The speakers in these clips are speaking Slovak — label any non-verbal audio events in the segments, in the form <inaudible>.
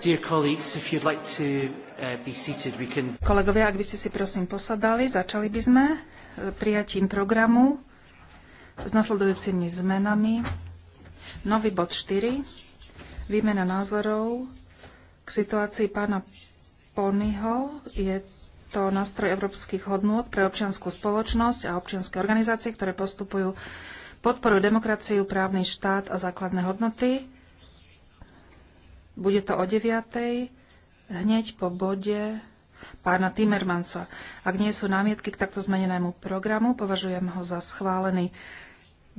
Uh, Kolegovia, ak by ste si prosím posadali, začali by sme e, prijatím programu s nasledujúcimi zmenami. Nový bod 4, výmena názorov k situácii pána Ponyho. Je to nástroj európskych hodnôt pre občianskú spoločnosť a občianske organizácie, ktoré postupujú podporu demokraciu, právny štát a základné hodnoty bude to o 9. hneď po bode pána Timmermansa. Ak nie sú námietky k takto zmenenému programu, považujem ho za schválený.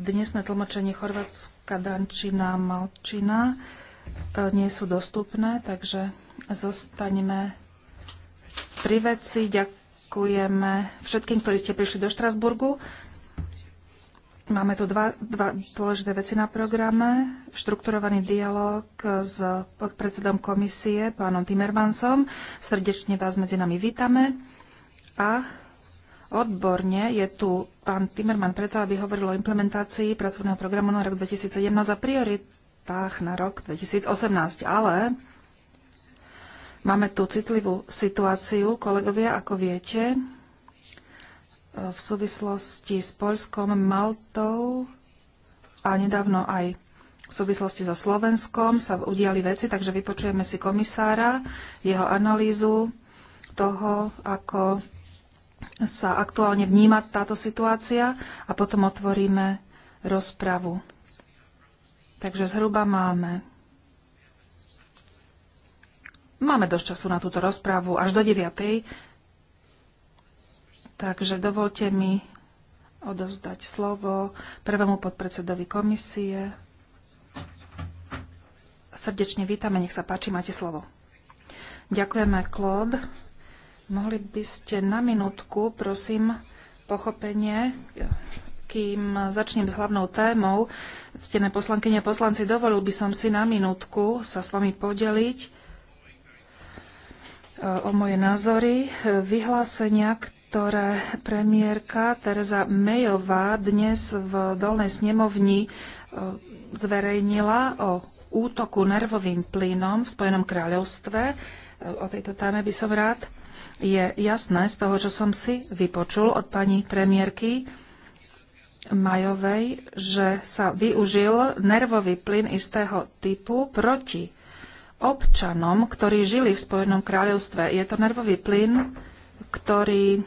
Dnesné tlmočenie Chorvátska, Dančina, Malčina e, nie sú dostupné, takže zostaneme pri veci. Ďakujeme všetkým, ktorí ste prišli do Štrasburgu. Máme tu dva, dva dôležité veci na programe. Štrukturovaný dialog s podpredsedom komisie, pánom Timmermansom. Srdečne vás medzi nami vítame. A odborne je tu pán Timmerman preto, aby hovoril o implementácii pracovného programu na rok 2017 a prioritách na rok 2018. Ale máme tu citlivú situáciu, kolegovia, ako viete. E, v súvislosti s Polskom, Maltou a nedávno aj v súvislosti so Slovenskom sa udiali veci, takže vypočujeme si komisára, jeho analýzu toho, ako sa aktuálne vníma táto situácia a potom otvoríme rozpravu. Takže zhruba máme. Máme dosť času na túto rozprávu až do 9. Takže dovolte mi odovzdať slovo prvému podpredsedovi komisie. Srdečne vítame, nech sa páči, máte slovo. Ďakujeme, Claude. Mohli by ste na minútku, prosím, pochopenie, kým začnem s hlavnou témou. Ctené poslankyne poslanci, dovolil by som si na minútku sa s vami podeliť e, o moje názory, e, vyhlásenia, ktoré ktoré premiérka Teresa Mayová dnes v Dolnej snemovni e, zverejnila o útoku nervovým plynom v Spojenom kráľovstve. E, o tejto téme by som rád. Je jasné z toho, čo som si vypočul od pani premiérky Majovej, že sa využil nervový plyn istého typu proti občanom, ktorí žili v Spojenom kráľovstve. Je to nervový plyn, ktorý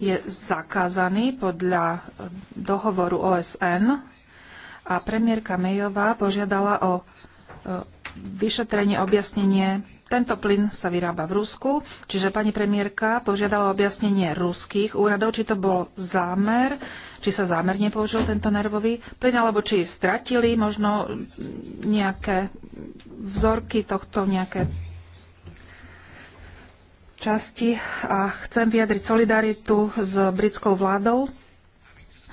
je zakázaný podľa dohovoru OSN a premiérka Mejová požiadala o e, vyšetrenie, objasnenie. Tento plyn sa vyrába v Rusku, čiže pani premiérka požiadala objasnenie ruských úradov, či to bol zámer, či sa zámerne použil tento nervový plyn, alebo či stratili možno nejaké vzorky tohto, nejaké časti a chcem vyjadriť solidaritu s britskou vládou.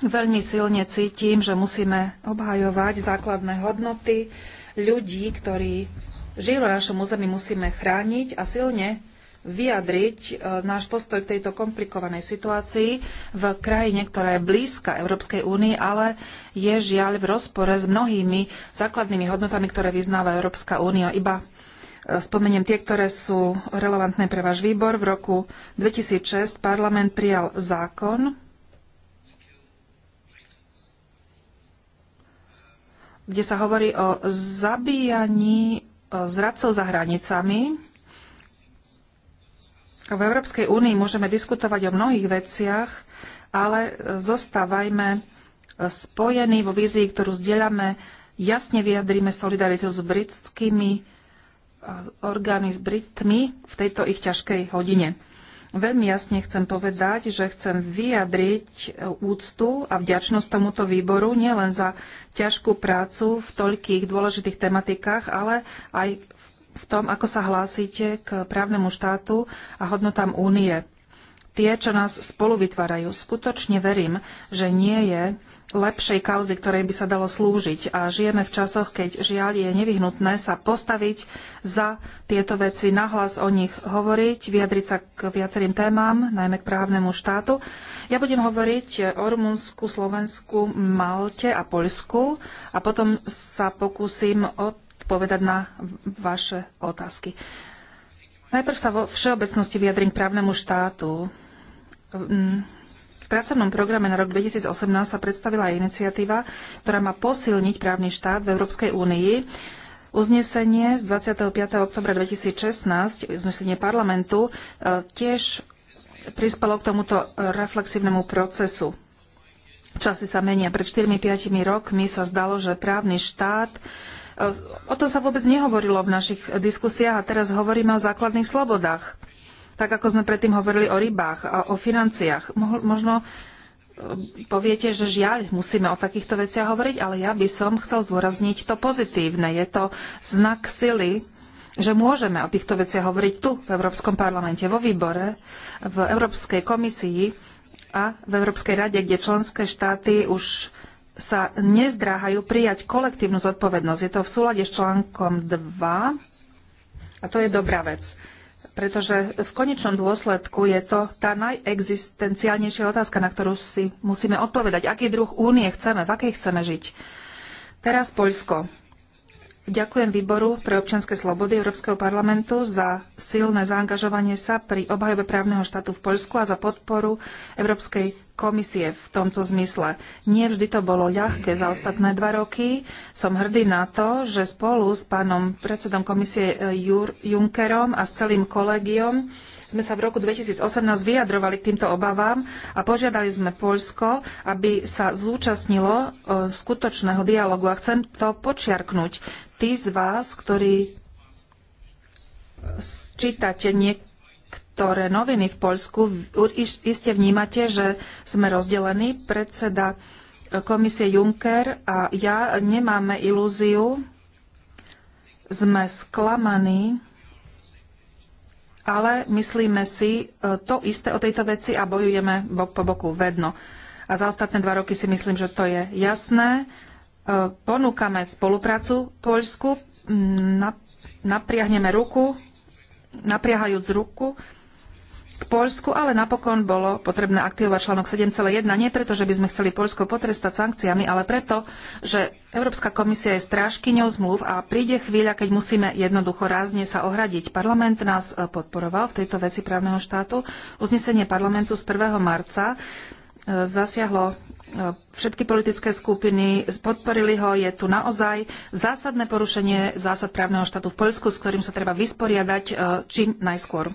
Veľmi silne cítim, že musíme obhajovať základné hodnoty ľudí, ktorí žijú na našom území, musíme chrániť a silne vyjadriť e, náš postoj k tejto komplikovanej situácii v krajine, ktorá je blízka Európskej únii, ale je žiaľ v rozpore s mnohými základnými hodnotami, ktoré vyznáva Európska únia. Iba Spomeniem tie, ktoré sú relevantné pre váš výbor. V roku 2006 parlament prijal zákon, kde sa hovorí o zabíjaní zradcov za hranicami. V Európskej únii môžeme diskutovať o mnohých veciach, ale zostávajme spojení vo vízii, ktorú zdieľame, jasne vyjadríme solidaritu s britskými orgány s Britmi v tejto ich ťažkej hodine. Veľmi jasne chcem povedať, že chcem vyjadriť úctu a vďačnosť tomuto výboru nielen za ťažkú prácu v toľkých dôležitých tematikách, ale aj v tom, ako sa hlásite k právnemu štátu a hodnotám únie. Tie, čo nás spolu vytvárajú, skutočne verím, že nie je lepšej kauzy, ktorej by sa dalo slúžiť. A žijeme v časoch, keď žiaľ je nevyhnutné sa postaviť za tieto veci, nahlas o nich hovoriť, vyjadriť sa k viacerým témam, najmä k právnemu štátu. Ja budem hovoriť o Rumunsku, Slovensku, Malte a Poľsku a potom sa pokúsim odpovedať na vaše otázky. Najprv sa vo všeobecnosti vyjadrím k právnemu štátu v pracovnom programe na rok 2018 sa predstavila aj iniciatíva, ktorá má posilniť právny štát v Európskej únii. Uznesenie z 25. oktobra 2016, uznesenie parlamentu, e, tiež prispelo k tomuto reflexívnemu procesu. Časy sa menia. Pred 4-5 rokmi sa zdalo, že právny štát e, O tom sa vôbec nehovorilo v našich diskusiách a teraz hovoríme o základných slobodách tak ako sme predtým hovorili o rybách a o financiách. Možno e, poviete, že žiaľ, musíme o takýchto veciach hovoriť, ale ja by som chcel zdôrazniť to pozitívne. Je to znak sily, že môžeme o týchto veciach hovoriť tu, v Európskom parlamente, vo výbore, v Európskej komisii a v Európskej rade, kde členské štáty už sa nezdráhajú prijať kolektívnu zodpovednosť. Je to v súlade s článkom 2 a to je dobrá vec pretože v konečnom dôsledku je to tá najexistenciálnejšia otázka, na ktorú si musíme odpovedať. Aký druh únie chceme, v akej chceme žiť? Teraz Poľsko. Ďakujem výboru pre občianske slobody Európskeho parlamentu za silné zaangažovanie sa pri obhajobe právneho štátu v Poľsku a za podporu Európskej komisie v tomto zmysle. Nie vždy to bolo ľahké za ostatné dva roky. Som hrdý na to, že spolu s pánom predsedom komisie e, Jur- Junckerom a s celým kolegiom sme sa v roku 2018 vyjadrovali k týmto obavám a požiadali sme Poľsko, aby sa zúčastnilo e, skutočného dialogu. A chcem to počiarknúť. Tí z vás, ktorí čítate niektoré noviny v Poľsku, iste vnímate, že sme rozdelení. Predseda komisie Juncker a ja nemáme ilúziu, sme sklamaní, ale myslíme si e, to isté o tejto veci a bojujeme bok po boku vedno. A za ostatné dva roky si myslím, že to je jasné ponúkame spoluprácu Poľsku, napriahneme ruku, napriahajúc ruku k Poľsku, ale napokon bolo potrebné aktivovať článok 7.1, nie preto, že by sme chceli Poľsko potrestať sankciami, ale preto, že Európska komisia je strážkyňou zmluv a príde chvíľa, keď musíme jednoducho rázne sa ohradiť. Parlament nás e, podporoval v tejto veci právneho štátu. Uznesenie parlamentu z 1. marca zasiahlo e, všetky politické skupiny, podporili ho. Je tu naozaj zásadné porušenie zásad právneho štátu v Poľsku, s ktorým sa treba vysporiadať e, čím najskôr.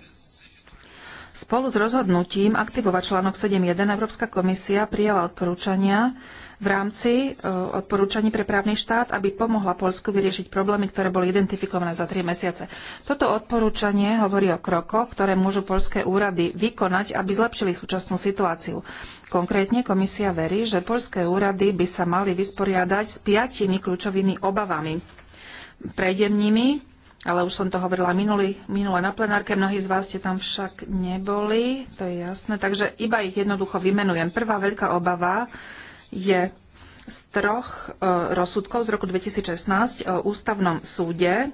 Spolu s rozhodnutím aktivovať článok 7.1 Európska komisia prijala odporúčania v rámci e, odporúčaní pre právny štát, aby pomohla Polsku vyriešiť problémy, ktoré boli identifikované za tri mesiace. Toto odporúčanie hovorí o krokoch, ktoré môžu polské úrady vykonať, aby zlepšili súčasnú situáciu. Konkrétne komisia verí, že polské úrady by sa mali vysporiadať s piatimi kľúčovými obavami. Prejdem nimi, ale už som to hovorila minulý, minule na plenárke, mnohí z vás ste tam však neboli, to je jasné, takže iba ich jednoducho vymenujem. Prvá veľká obava je z troch e, rozsudkov z roku 2016 v e, ústavnom súde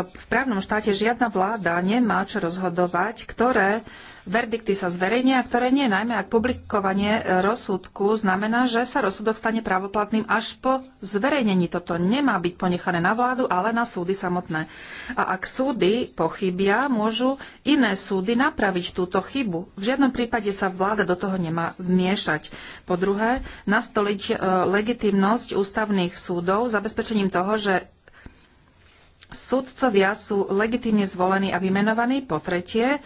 v právnom štáte žiadna vláda nemá čo rozhodovať, ktoré verdikty sa zverejnia a ktoré nie, najmä ak publikovanie rozsudku znamená, že sa rozsudok stane právoplatným až po zverejnení. Toto nemá byť ponechané na vládu, ale na súdy samotné. A ak súdy pochybia, môžu iné súdy napraviť túto chybu. V žiadnom prípade sa vláda do toho nemá vmiešať. Po druhé, nastoliť e, legitimnosť ústavných súdov zabezpečením toho, že Sudcovia sú legitimne zvolení a vymenovaní. Po tretie,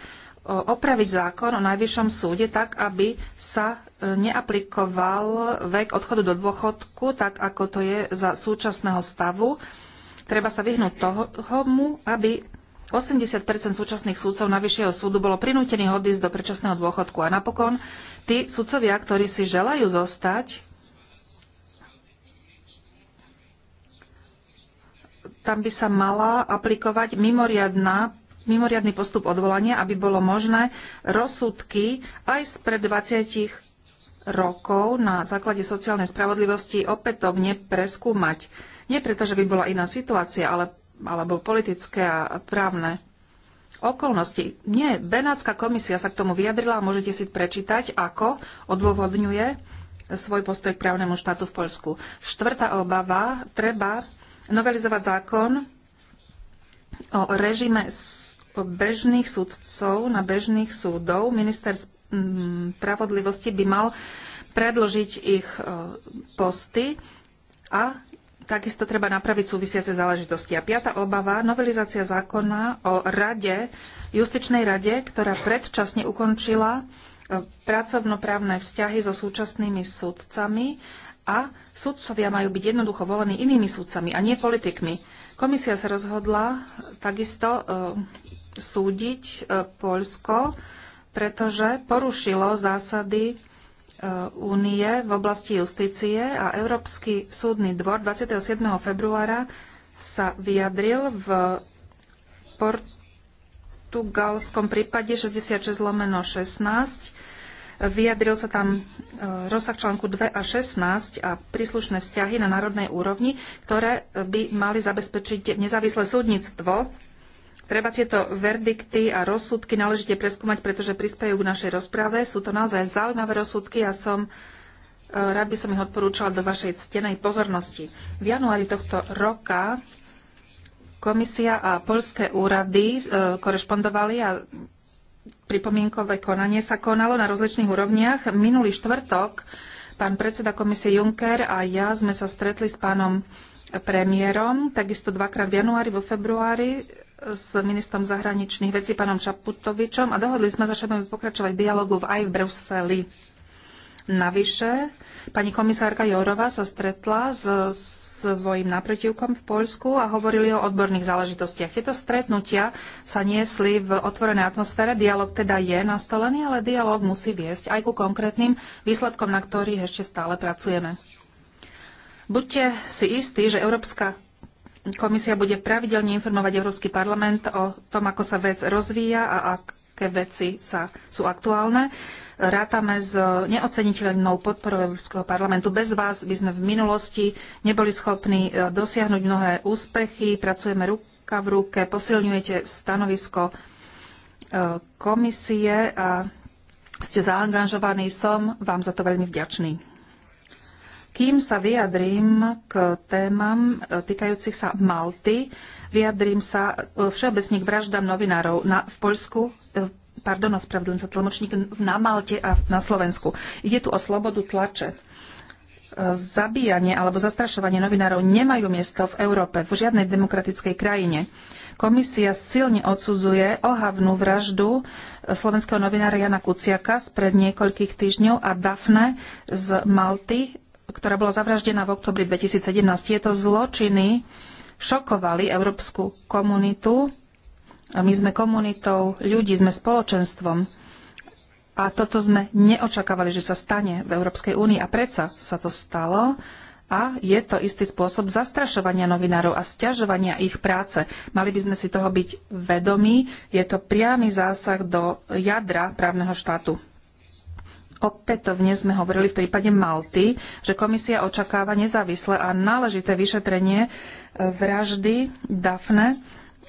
opraviť zákon o najvyššom súde tak, aby sa e, neaplikoval vek odchodu do dôchodku, tak ako to je za súčasného stavu. Treba sa vyhnúť tomu, aby 80 súčasných súdcov Najvyššieho súdu bolo prinútených odísť do predčasného dôchodku. A napokon tí sudcovia, ktorí si želajú zostať tam by sa mala aplikovať mimoriadná mimoriadný postup odvolania, aby bolo možné rozsudky aj spred 20 rokov na základe sociálnej spravodlivosti opätovne preskúmať. Nie preto, že by bola iná situácia, ale, alebo politické a právne okolnosti. Nie, Benátska komisia sa k tomu vyjadrila a môžete si prečítať, ako odôvodňuje svoj postoj k právnemu štátu v Poľsku. Štvrtá obava, treba novelizovať zákon o režime bežných súdcov na bežných súdov. Minister spravodlivosti by mal predložiť ich e, posty a takisto treba napraviť súvisiace záležitosti. A piata obava, novelizácia zákona o rade, justičnej rade, ktorá predčasne ukončila e, pracovnoprávne vzťahy so súčasnými sudcami a sudcovia majú byť jednoducho volení inými sudcami a nie politikmi. Komisia sa rozhodla takisto e, súdiť e, Poľsko, pretože porušilo zásady e, únie v oblasti justície a Európsky súdny dvor 27. februára sa vyjadril v portugalskom prípade 66 lomeno 16 Vyjadril sa tam e, rozsah článku 2 a 16 a príslušné vzťahy na národnej úrovni, ktoré by mali zabezpečiť nezávislé súdnictvo. Treba tieto verdikty a rozsudky náležite preskúmať, pretože prispejú k našej rozprave. Sú to naozaj zaujímavé rozsudky a som e, rád by som ich odporúčala do vašej ctenej pozornosti. V januári tohto roka komisia a poľské úrady e, korešpondovali a pripomienkové konanie sa konalo na rozličných úrovniach. Minulý štvrtok pán predseda komisie Juncker a ja sme sa stretli s pánom premiérom, takisto dvakrát v januári, vo februári s ministrom zahraničných vecí pánom Čaputovičom a dohodli sme, že budeme pokračovať dialogu v aj v Bruseli. Navyše, pani komisárka Jourová sa stretla s, s svojim naprotivkom v Poľsku a hovorili o odborných záležitostiach. Tieto stretnutia sa niesli v otvorenej atmosfére. Dialóg teda je nastolený, ale dialóg musí viesť aj ku konkrétnym výsledkom, na ktorých ešte stále pracujeme. Buďte si istí, že Európska komisia bude pravidelne informovať Európsky parlament o tom, ako sa vec rozvíja a ak aké veci sa, sú aktuálne. Rátame s neoceniteľnou podporou Európskeho parlamentu. Bez vás by sme v minulosti neboli schopní e, dosiahnuť mnohé úspechy. Pracujeme ruka v ruke, posilňujete stanovisko e, komisie a ste zaangažovaní. Som vám za to veľmi vďačný. Kým sa vyjadrím k témam e, týkajúcich sa Malty, Vyjadrím sa e, všeobecne k vraždám novinárov na, v Poľsku, e, pardon, ospravedlňujem sa, tlmočník na Malte a na Slovensku. Ide tu o slobodu tlače. E, zabíjanie alebo zastrašovanie novinárov nemajú miesto v Európe, v žiadnej demokratickej krajine. Komisia silne odsudzuje ohavnú vraždu slovenského novinára Jana Kuciaka spred niekoľkých týždňov a Dafne z Malty, ktorá bola zavraždená v oktobri 2017. Tieto zločiny šokovali európsku komunitu. A my sme komunitou ľudí, sme spoločenstvom. A toto sme neočakávali, že sa stane v Európskej únii. A predsa sa to stalo. A je to istý spôsob zastrašovania novinárov a stiažovania ich práce. Mali by sme si toho byť vedomí. Je to priamy zásah do jadra právneho štátu. Opätovne sme hovorili v prípade Malty, že komisia očakáva nezávislé a náležité vyšetrenie e, vraždy Dafne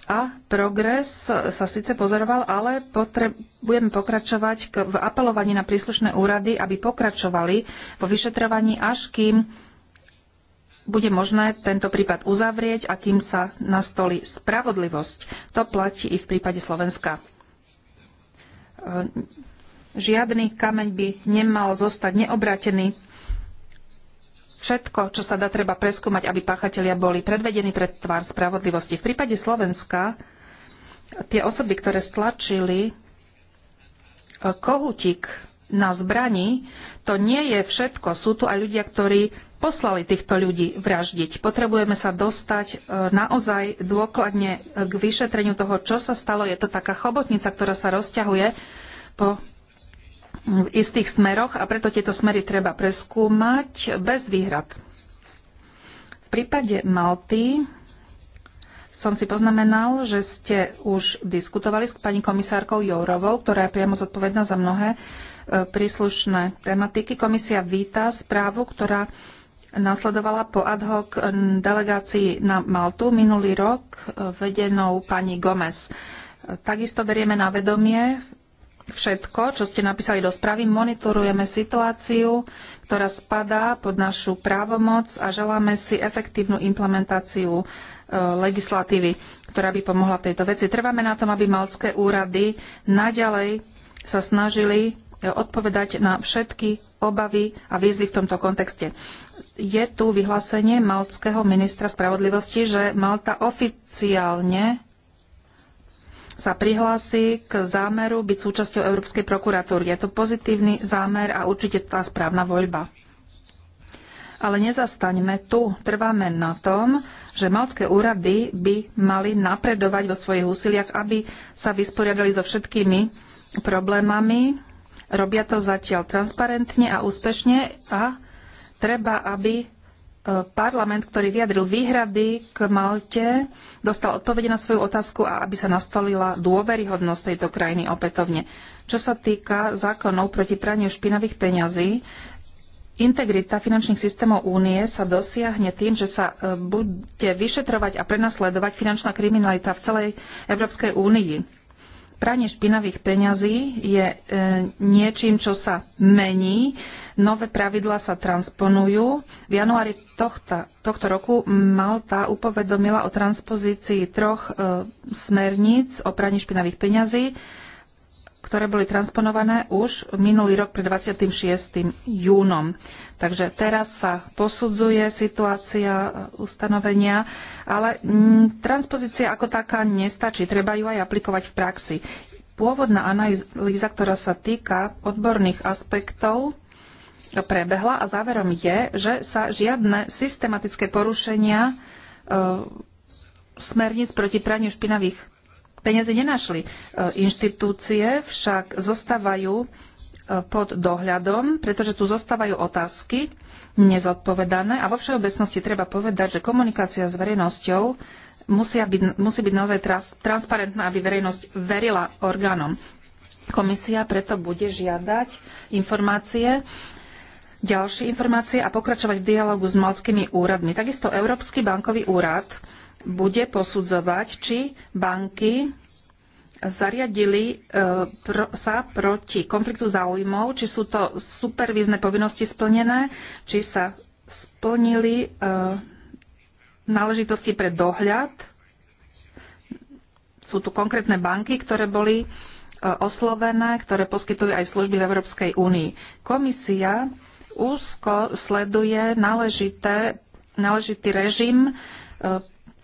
a progres sa síce pozoroval, ale potrebujeme pokračovať v apelovaní na príslušné úrady, aby pokračovali vo vyšetrovaní, až kým bude možné tento prípad uzavrieť a kým sa nastolí spravodlivosť. To platí i v prípade Slovenska. E, Žiadny kameň by nemal zostať neobrátený. Všetko, čo sa dá, treba preskúmať, aby páchatelia boli predvedení pred tvár spravodlivosti. V prípade Slovenska tie osoby, ktoré stlačili e, kohutík na zbrani, to nie je všetko. Sú tu aj ľudia, ktorí poslali týchto ľudí vraždiť. Potrebujeme sa dostať e, naozaj dôkladne k vyšetreniu toho, čo sa stalo. Je to taká chobotnica, ktorá sa rozťahuje po v istých smeroch a preto tieto smery treba preskúmať bez výhrad. V prípade Malty som si poznamenal, že ste už diskutovali s pani komisárkou Jourovou, ktorá je priamo zodpovedná za mnohé e, príslušné tematiky. Komisia víta správu, ktorá nasledovala po ad hoc delegácii na Maltu minulý rok e, vedenou pani Gomez. E, takisto berieme na vedomie všetko, čo ste napísali do správy. Monitorujeme situáciu, ktorá spadá pod našu právomoc a želáme si efektívnu implementáciu e, legislatívy, ktorá by pomohla v tejto veci. Trváme na tom, aby malské úrady naďalej sa snažili e, odpovedať na všetky obavy a výzvy v tomto kontexte je tu vyhlásenie maltského ministra spravodlivosti, že Malta oficiálne sa prihlási k zámeru byť súčasťou Európskej prokuratúry. Je to pozitívny zámer a určite tá správna voľba. Ale nezastaňme tu. Trváme na tom, že malské úrady by mali napredovať vo svojich úsiliach, aby sa vysporiadali so všetkými problémami. Robia to zatiaľ transparentne a úspešne a treba, aby parlament, ktorý vyjadril výhrady k Malte, dostal odpovede na svoju otázku a aby sa nastolila dôveryhodnosť tejto krajiny opätovne. Čo sa týka zákonov proti praniu špinavých peňazí, integrita finančných systémov únie sa dosiahne tým, že sa e, bude vyšetrovať a prenasledovať finančná kriminalita v celej Európskej únii. Pranie špinavých peňazí je e, niečím, čo sa mení Nové pravidla sa transponujú. V januári tohto, tohto roku Malta upovedomila o transpozícii troch e, smerníc o praní špinavých peňazí, ktoré boli transponované už minulý rok pred 26. júnom. Takže teraz sa posudzuje situácia ustanovenia, ale m, mm, transpozícia ako taká nestačí. Treba ju aj aplikovať v praxi. Pôvodná analýza, ktorá sa týka odborných aspektov prebehla a záverom je, že sa žiadne systematické porušenia e, smerníc proti praniu špinavých peniazy nenašli. E, inštitúcie však zostávajú e, pod dohľadom, pretože tu zostávajú otázky nezodpovedané a vo všeobecnosti treba povedať, že komunikácia s verejnosťou musia byť, musí byť naozaj trans, transparentná, aby verejnosť verila orgánom. Komisia preto bude žiadať informácie ďalšie informácie a pokračovať v dialogu s malckými úradmi. Takisto Európsky bankový úrad bude posudzovať, či banky zariadili e, sa proti konfliktu záujmov, či sú to supervízne povinnosti splnené, či sa splnili e, náležitosti pre dohľad. Sú tu konkrétne banky, ktoré boli e, oslovené, ktoré poskytujú aj služby v Európskej únii. Komisia úzko sleduje náležité, náležitý režim, e,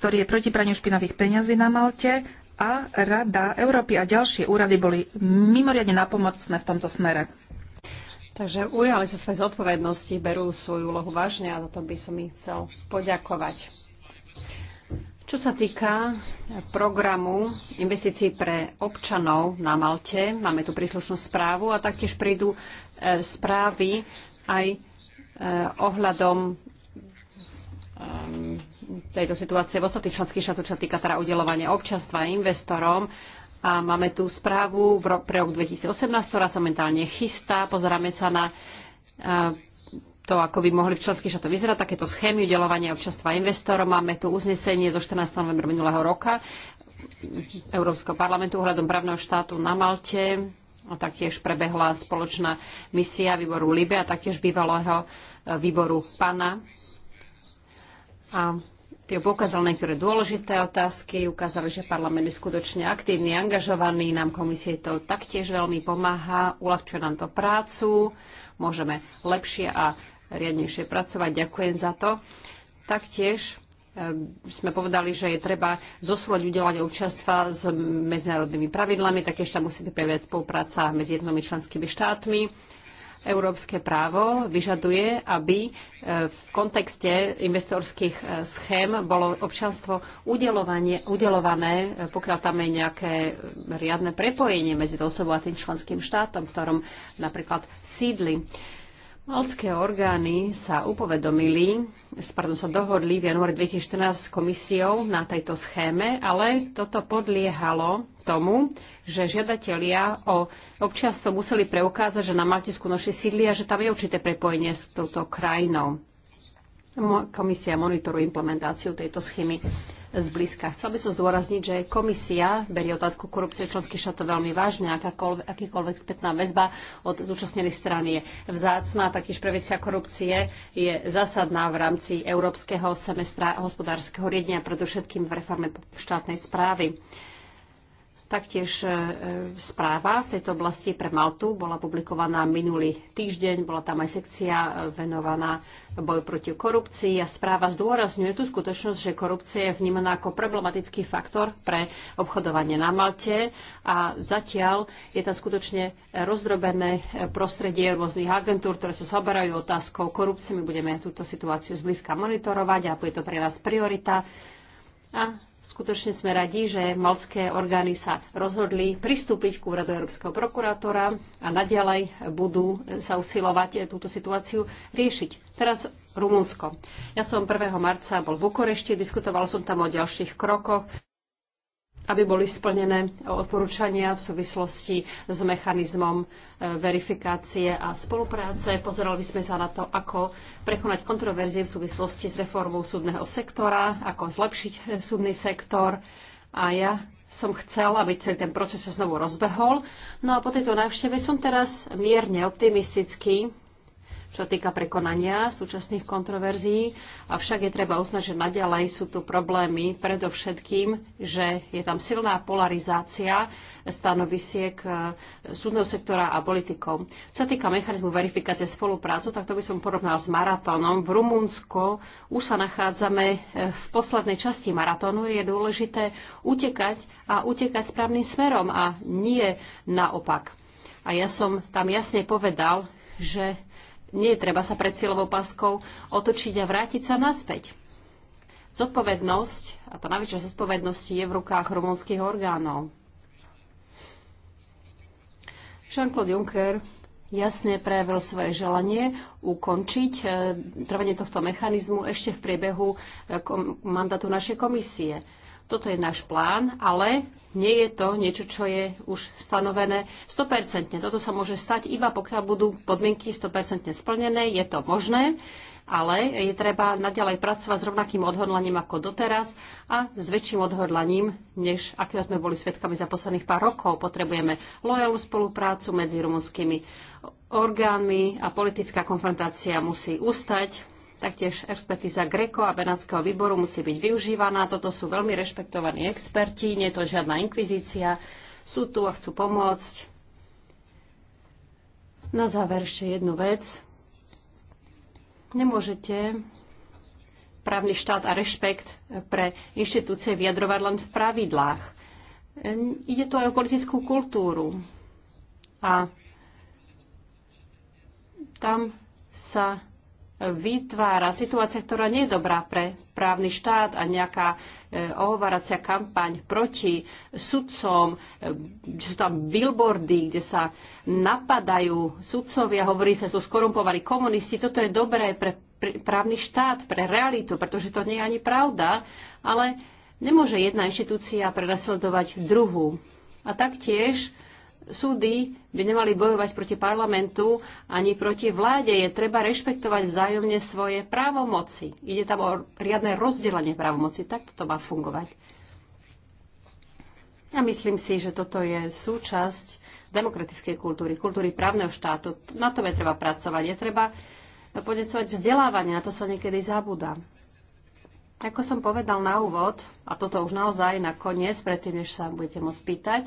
ktorý je proti praniu špinavých peňazí na Malte a Rada Európy a ďalšie úrady boli mimoriadne napomocné v tomto smere. Takže ujali sa svoje zodpovednosti, berú svoju úlohu vážne a za to by som ich chcel poďakovať. Čo sa týka programu investícií pre občanov na Malte, máme tu príslušnú správu a taktiež prídu e, správy aj e, ohľadom e, tejto situácie v ostatných členských štátoch, čo sa týka teda udelovania občanstva investorom. A máme tu správu v rok, pre rok 2018, ktorá sa mentálne chystá. Pozeráme sa na e, to, ako by mohli v členských štátoch vyzerať takéto schémy udelovania občanstva investorom. Máme tu uznesenie zo 14. novembra minulého roka Európskeho parlamentu ohľadom právneho štátu na Malte a taktiež prebehla spoločná misia výboru Libe a taktiež bývalého e, výboru PANA. A tie poukázali niektoré dôležité otázky, ukázali, že parlament je skutočne aktívny, angažovaný, nám komisie to taktiež veľmi pomáha, uľahčuje nám to prácu, môžeme lepšie a riadnejšie pracovať. Ďakujem za to. Taktiež Ehm, sme povedali, že je treba zosúľať udelanie občanstva s medzinárodnými pravidlami, tak ešte musí byť previať spolupráca medzi jednými členskými štátmi. Európske právo vyžaduje, aby e, v kontexte investorských e, schém bolo občanstvo udelované, e, pokiaľ tam je nejaké riadne prepojenie medzi osobou a tým členským štátom, v ktorom napríklad sídli. Maltské orgány sa upovedomili, pardon, sa dohodli v januári 2014 s komisiou na tejto schéme, ale toto podliehalo tomu, že žiadatelia o občianstvo museli preukázať, že na Malte skutočne sídlia, že tam je určité prepojenie s touto krajinou. Komisia monitoruje implementáciu tejto schémy zblízka. Chcel by som zdôrazniť, že komisia berie otázku korupcie členských štátov veľmi vážne. Akákoľvek, akýkoľvek spätná väzba od zúčastnených strany je vzácná, taktiež prevencia korupcie je zásadná v rámci európskeho semestra hospodárskeho riedenia, predovšetkým v reforme štátnej správy. Taktiež e, e, správa v tejto oblasti pre Maltu bola publikovaná minulý týždeň. Bola tam aj sekcia e, venovaná boju proti korupcii a správa zdôrazňuje tú skutočnosť, že korupcia je vnímaná ako problematický faktor pre obchodovanie na Malte a zatiaľ je tam skutočne rozdrobené prostredie rôznych agentúr, ktoré sa zaberajú otázkou korupcie. My budeme túto situáciu zblízka monitorovať a bude to pre nás priorita. A Skutočne sme radi, že malské orgány sa rozhodli pristúpiť k úradu Európskeho prokurátora a naďalej budú sa usilovať túto situáciu riešiť. Teraz Rumunsko. Ja som 1. marca bol v Bukurešti, diskutoval som tam o ďalších krokoch, aby boli splnené odporúčania v súvislosti s mechanizmom e, verifikácie a spolupráce. Pozerali sme sa na to, ako prekonať kontroverzie v súvislosti s reformou súdneho sektora, ako zlepšiť e, súdny sektor. A ja som chcel, aby celý ten proces sa znovu rozbehol. No a po tejto návšteve som teraz mierne optimistický, čo týka prekonania súčasných kontroverzií. Avšak je treba uznať, že naďalej sú tu problémy, predovšetkým, že je tam silná polarizácia stanovisiek e, súdneho sektora a politikov. Čo sa týka mechanizmu verifikácie spoluprácu, tak to by som porovnal s maratónom. V Rumunsku už sa nachádzame e, v poslednej časti maratónu. Je dôležité utekať a utekať správnym smerom a nie naopak. A ja som tam jasne povedal, že nie je treba sa pred cieľovou paskou otočiť a vrátiť sa naspäť. Zodpovednosť, a tá najväčšia zodpovednosť je v rukách rumúnskych orgánov. Jean-Claude Juncker jasne prejavil svoje želanie ukončiť e, trvanie tohto mechanizmu ešte v priebehu e, mandátu našej komisie. Toto je náš plán, ale nie je to niečo, čo je už stanovené 100%. Toto sa môže stať iba pokiaľ budú podmienky 100% splnené. Je to možné, ale je treba nadalej pracovať s rovnakým odhodlaním ako doteraz a s väčším odhodlaním, než akého sme boli svedkami za posledných pár rokov. Potrebujeme lojalnú spoluprácu medzi rumunskými orgánmi a politická konfrontácia musí ustať Taktiež expertíza Greko a Benátskeho výboru musí byť využívaná. Toto sú veľmi rešpektovaní experti, nie je to žiadna inkvizícia. Sú tu a chcú pomôcť. Na záver ešte jednu vec. Nemôžete právny štát a rešpekt pre inštitúcie vyjadrovať len v pravidlách. Ide to aj o politickú kultúru. A tam sa vytvára situácia, ktorá nie je dobrá pre právny štát a nejaká e, ohovaracia kampaň proti sudcom, e, sú tam billboardy, kde sa napadajú sudcovia, hovorí sa, že sú skorumpovaní komunisti. Toto je dobré pre právny štát, pre realitu, pretože to nie je ani pravda, ale nemôže jedna inštitúcia prenasledovať druhú. A taktiež súdy by nemali bojovať proti parlamentu ani proti vláde. Je treba rešpektovať vzájomne svoje právomoci. Ide tam o riadne rozdelenie právomoci. Takto to má fungovať. Ja myslím si, že toto je súčasť demokratickej kultúry, kultúry právneho štátu. Na tom je treba pracovať. Je treba podnecovať vzdelávanie. Na to sa niekedy zabúda. Ako som povedal na úvod, a toto už naozaj na koniec, predtým, než sa budete môcť pýtať,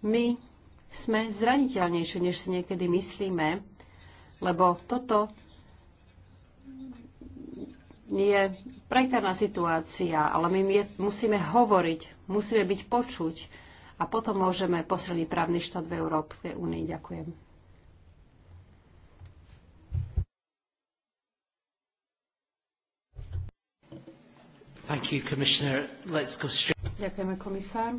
my sme zraniteľnejšie, než si niekedy myslíme, lebo toto je prekárna situácia, ale my musíme hovoriť, musíme byť počuť a potom môžeme posilniť právny štát v Európskej únii. Ďakujem. You, Ďakujeme, komisár.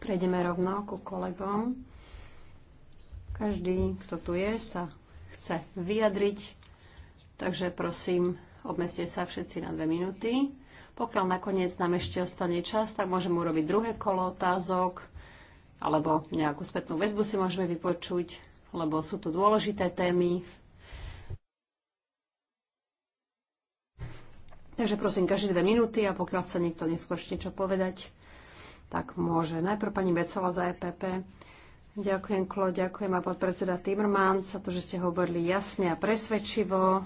Prejdeme rovno ku kolegom. Každý, kto tu je, sa chce vyjadriť, takže prosím, obmeste sa všetci na dve minúty. Pokiaľ nakoniec nám ešte ostane čas, tak môžeme urobiť druhé kolo otázok, alebo nejakú spätnú väzbu si môžeme vypočuť, lebo sú tu dôležité témy, Takže prosím, každé dve minúty a pokiaľ chce niekto neskôr ešte niečo povedať, tak môže. Najprv pani Becová za EPP. Ďakujem, Klo, ďakujem a podpredseda Timmermans za to, že ste hovorili jasne a presvedčivo.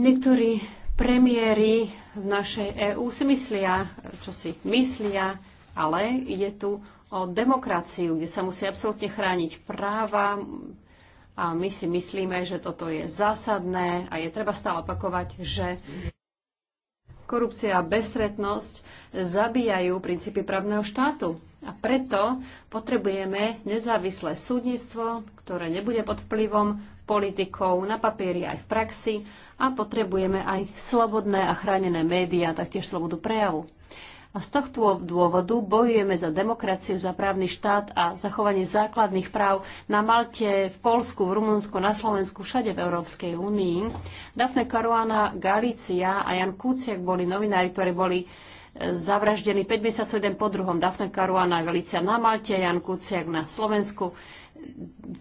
Niektorí premiéry v našej EÚ si myslia, čo si myslia, ale ide tu o demokraciu, kde sa musí absolútne chrániť práva a my si myslíme, že toto je zásadné a je treba stále opakovať, že korupcia a bestretnosť zabíjajú princípy právneho štátu. A preto potrebujeme nezávislé súdnictvo, ktoré nebude pod vplyvom politikov na papieri aj v praxi a potrebujeme aj slobodné a chránené médiá, taktiež slobodu prejavu. A z tohto dôvodu bojujeme za demokraciu, za právny štát a zachovanie základných práv na Malte, v Polsku, v Rumunsku, na Slovensku, všade v Európskej únii. Dafne Karuana Galícia a Jan Kuciak boli novinári, ktorí boli e, zavraždení 5 mesiacov jeden po druhom. Dafne Karuana Galícia na Malte, Jan Kuciak na Slovensku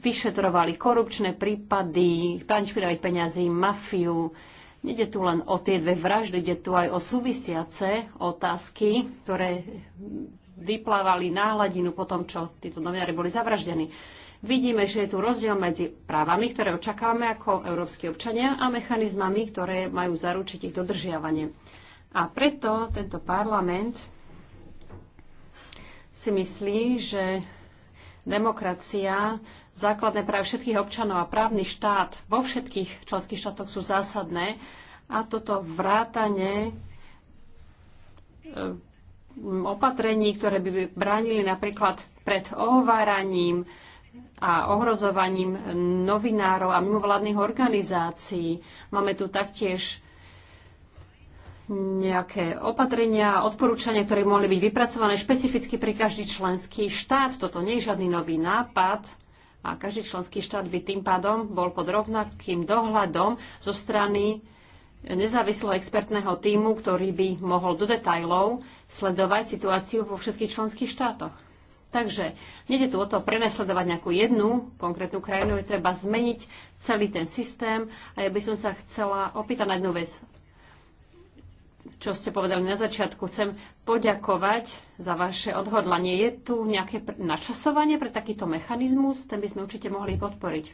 vyšetrovali korupčné prípady, špinavých peňazí, mafiu, Nede tu len o tie dve vraždy, ide tu aj o súvisiace otázky, ktoré vyplávali na hladinu po tom, čo títo novinári boli zavraždení. Vidíme, že je tu rozdiel medzi právami, ktoré očakávame ako európsky občania a mechanizmami, ktoré majú zaručiť ich dodržiavanie. A preto tento parlament si myslí, že demokracia, základné práve všetkých občanov a právny štát vo všetkých členských štátoch sú zásadné a toto vrátanie ehm, opatrení, ktoré by bránili napríklad pred ohováraním a ohrozovaním novinárov a mimovládnych organizácií. Máme tu taktiež nejaké opatrenia, odporúčania, ktoré mohli byť vypracované špecificky pre každý členský štát. Toto nie je žiadny nový nápad a každý členský štát by tým pádom bol pod rovnakým dohľadom zo strany nezávislého expertného týmu, ktorý by mohol do detajlov sledovať situáciu vo všetkých členských štátoch. Takže nejde tu o to prenasledovať nejakú jednu konkrétnu krajinu, je treba zmeniť celý ten systém. A ja by som sa chcela opýtať na jednu vec čo ste povedali na začiatku. Chcem poďakovať za vaše odhodlanie. Je tu nejaké načasovanie pre takýto mechanizmus? Ten by sme určite mohli podporiť.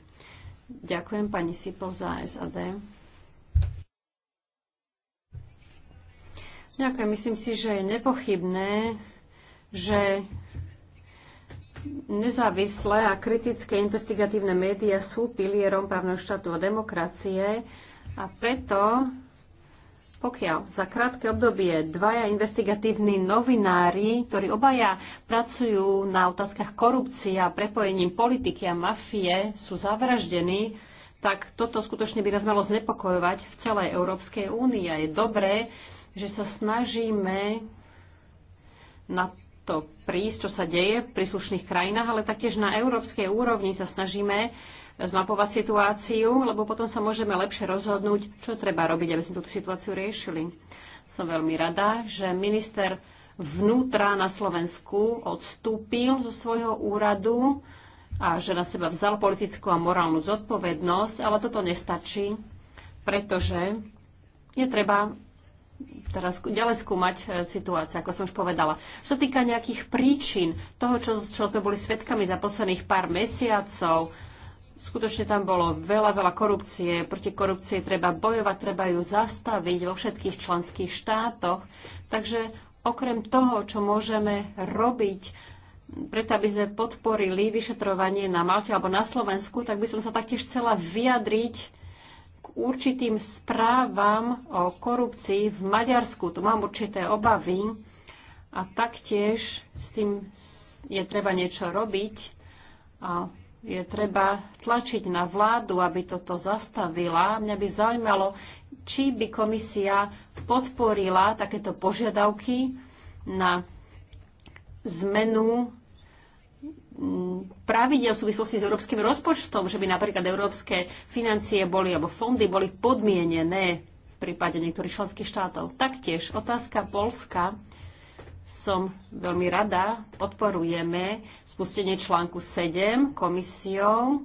Ďakujem pani Sipo za SAD. Ďakujem. Myslím si, že je nepochybné, že nezávislé a kritické investigatívne médiá sú pilierom právneho štátu a demokracie a preto pokiaľ za krátke obdobie dvaja investigatívni novinári, ktorí obaja pracujú na otázkach korupcie a prepojením politiky a mafie, sú zavraždení, tak toto skutočne by nás malo znepokojovať v celej Európskej únii. A je dobré, že sa snažíme na to prísť, čo sa deje v príslušných krajinách, ale taktiež na európskej úrovni sa snažíme zmapovať situáciu, lebo potom sa môžeme lepšie rozhodnúť, čo treba robiť, aby sme túto situáciu riešili. Som veľmi rada, že minister vnútra na Slovensku odstúpil zo svojho úradu a že na seba vzal politickú a morálnu zodpovednosť, ale toto nestačí, pretože je treba teraz ďalej skúmať e, situáciu, ako som už povedala. Čo týka nejakých príčin toho, čo, čo sme boli svedkami za posledných pár mesiacov, Skutočne tam bolo veľa, veľa korupcie. Proti korupcii treba bojovať, treba ju zastaviť vo všetkých členských štátoch. Takže okrem toho, čo môžeme robiť, preto aby sme podporili vyšetrovanie na Malte alebo na Slovensku, tak by som sa taktiež chcela vyjadriť k určitým správam o korupcii v Maďarsku. Tu mám určité obavy a taktiež s tým je treba niečo robiť. A je treba tlačiť na vládu, aby toto zastavila. Mňa by zaujímalo, či by komisia podporila takéto požiadavky na zmenu mm, pravidel v súvislosti s európskym rozpočtom, že by napríklad európske financie boli alebo fondy boli podmienené v prípade niektorých členských štátov. Taktiež otázka Polska som veľmi rada, podporujeme spustenie článku 7 komisiou,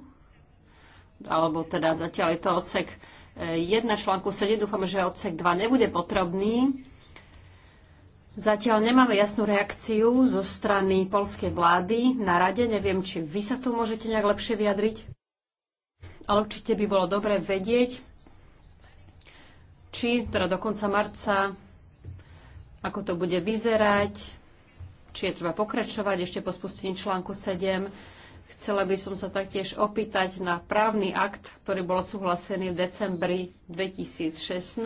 alebo teda zatiaľ je to odsek 1 eh, článku 7, dúfam, že odsek 2 nebude potrebný. Zatiaľ nemáme jasnú reakciu zo strany polskej vlády na rade. Neviem, či vy sa tu môžete nejak lepšie vyjadriť, ale určite by bolo dobre vedieť, či teda do konca marca ako to bude vyzerať, či je treba pokračovať ešte po spustení článku 7. Chcela by som sa taktiež opýtať na právny akt, ktorý bol odsúhlasený v decembri 2016,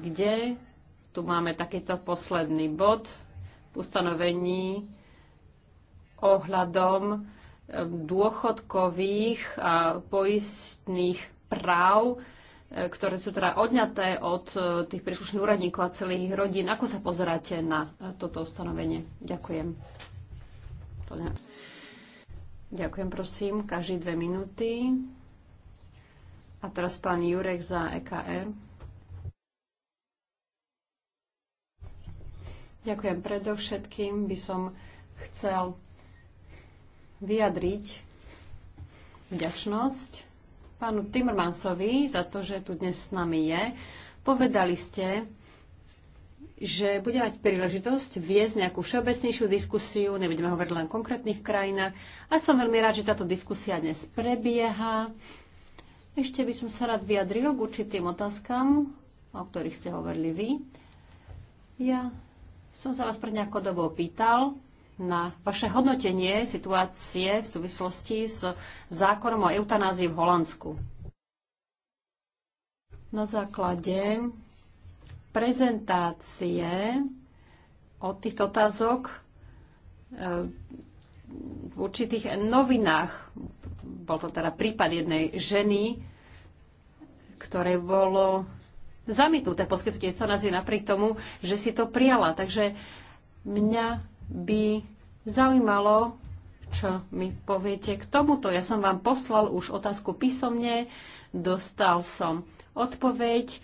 kde tu máme takýto posledný bod v ustanovení ohľadom e, dôchodkových a poistných práv ktoré sú teda odňaté od e, tých príslušných úradníkov a celých ich rodín. Ako sa pozeráte na e, toto ustanovenie? Ďakujem. To ne. Ďakujem, prosím. Každý dve minúty. A teraz pán Jurek za EKR. Ďakujem predovšetkým. By som chcel vyjadriť vďačnosť pánu Timmermansovi za to, že tu dnes s nami je. Povedali ste, že bude mať príležitosť viesť nejakú všeobecnejšiu diskusiu, nebudeme hovoriť len o konkrétnych krajinách. A som veľmi rád, že táto diskusia dnes prebieha. Ešte by som sa rád vyjadril k určitým otázkam, o ktorých ste hovorili vy. Ja som sa vás pred nejakou dobou pýtal, na vaše hodnotenie situácie v súvislosti s zákonom o eutanázii v Holandsku. Na základe prezentácie od týchto otázok eh, v určitých novinách, bol to teda prípad jednej ženy, ktoré bolo zamietnuté poskytnutie eutanázie napriek tomu, že si to prijala. Takže mňa by zaujímalo, čo mi poviete k tomuto. Ja som vám poslal už otázku písomne, dostal som odpoveď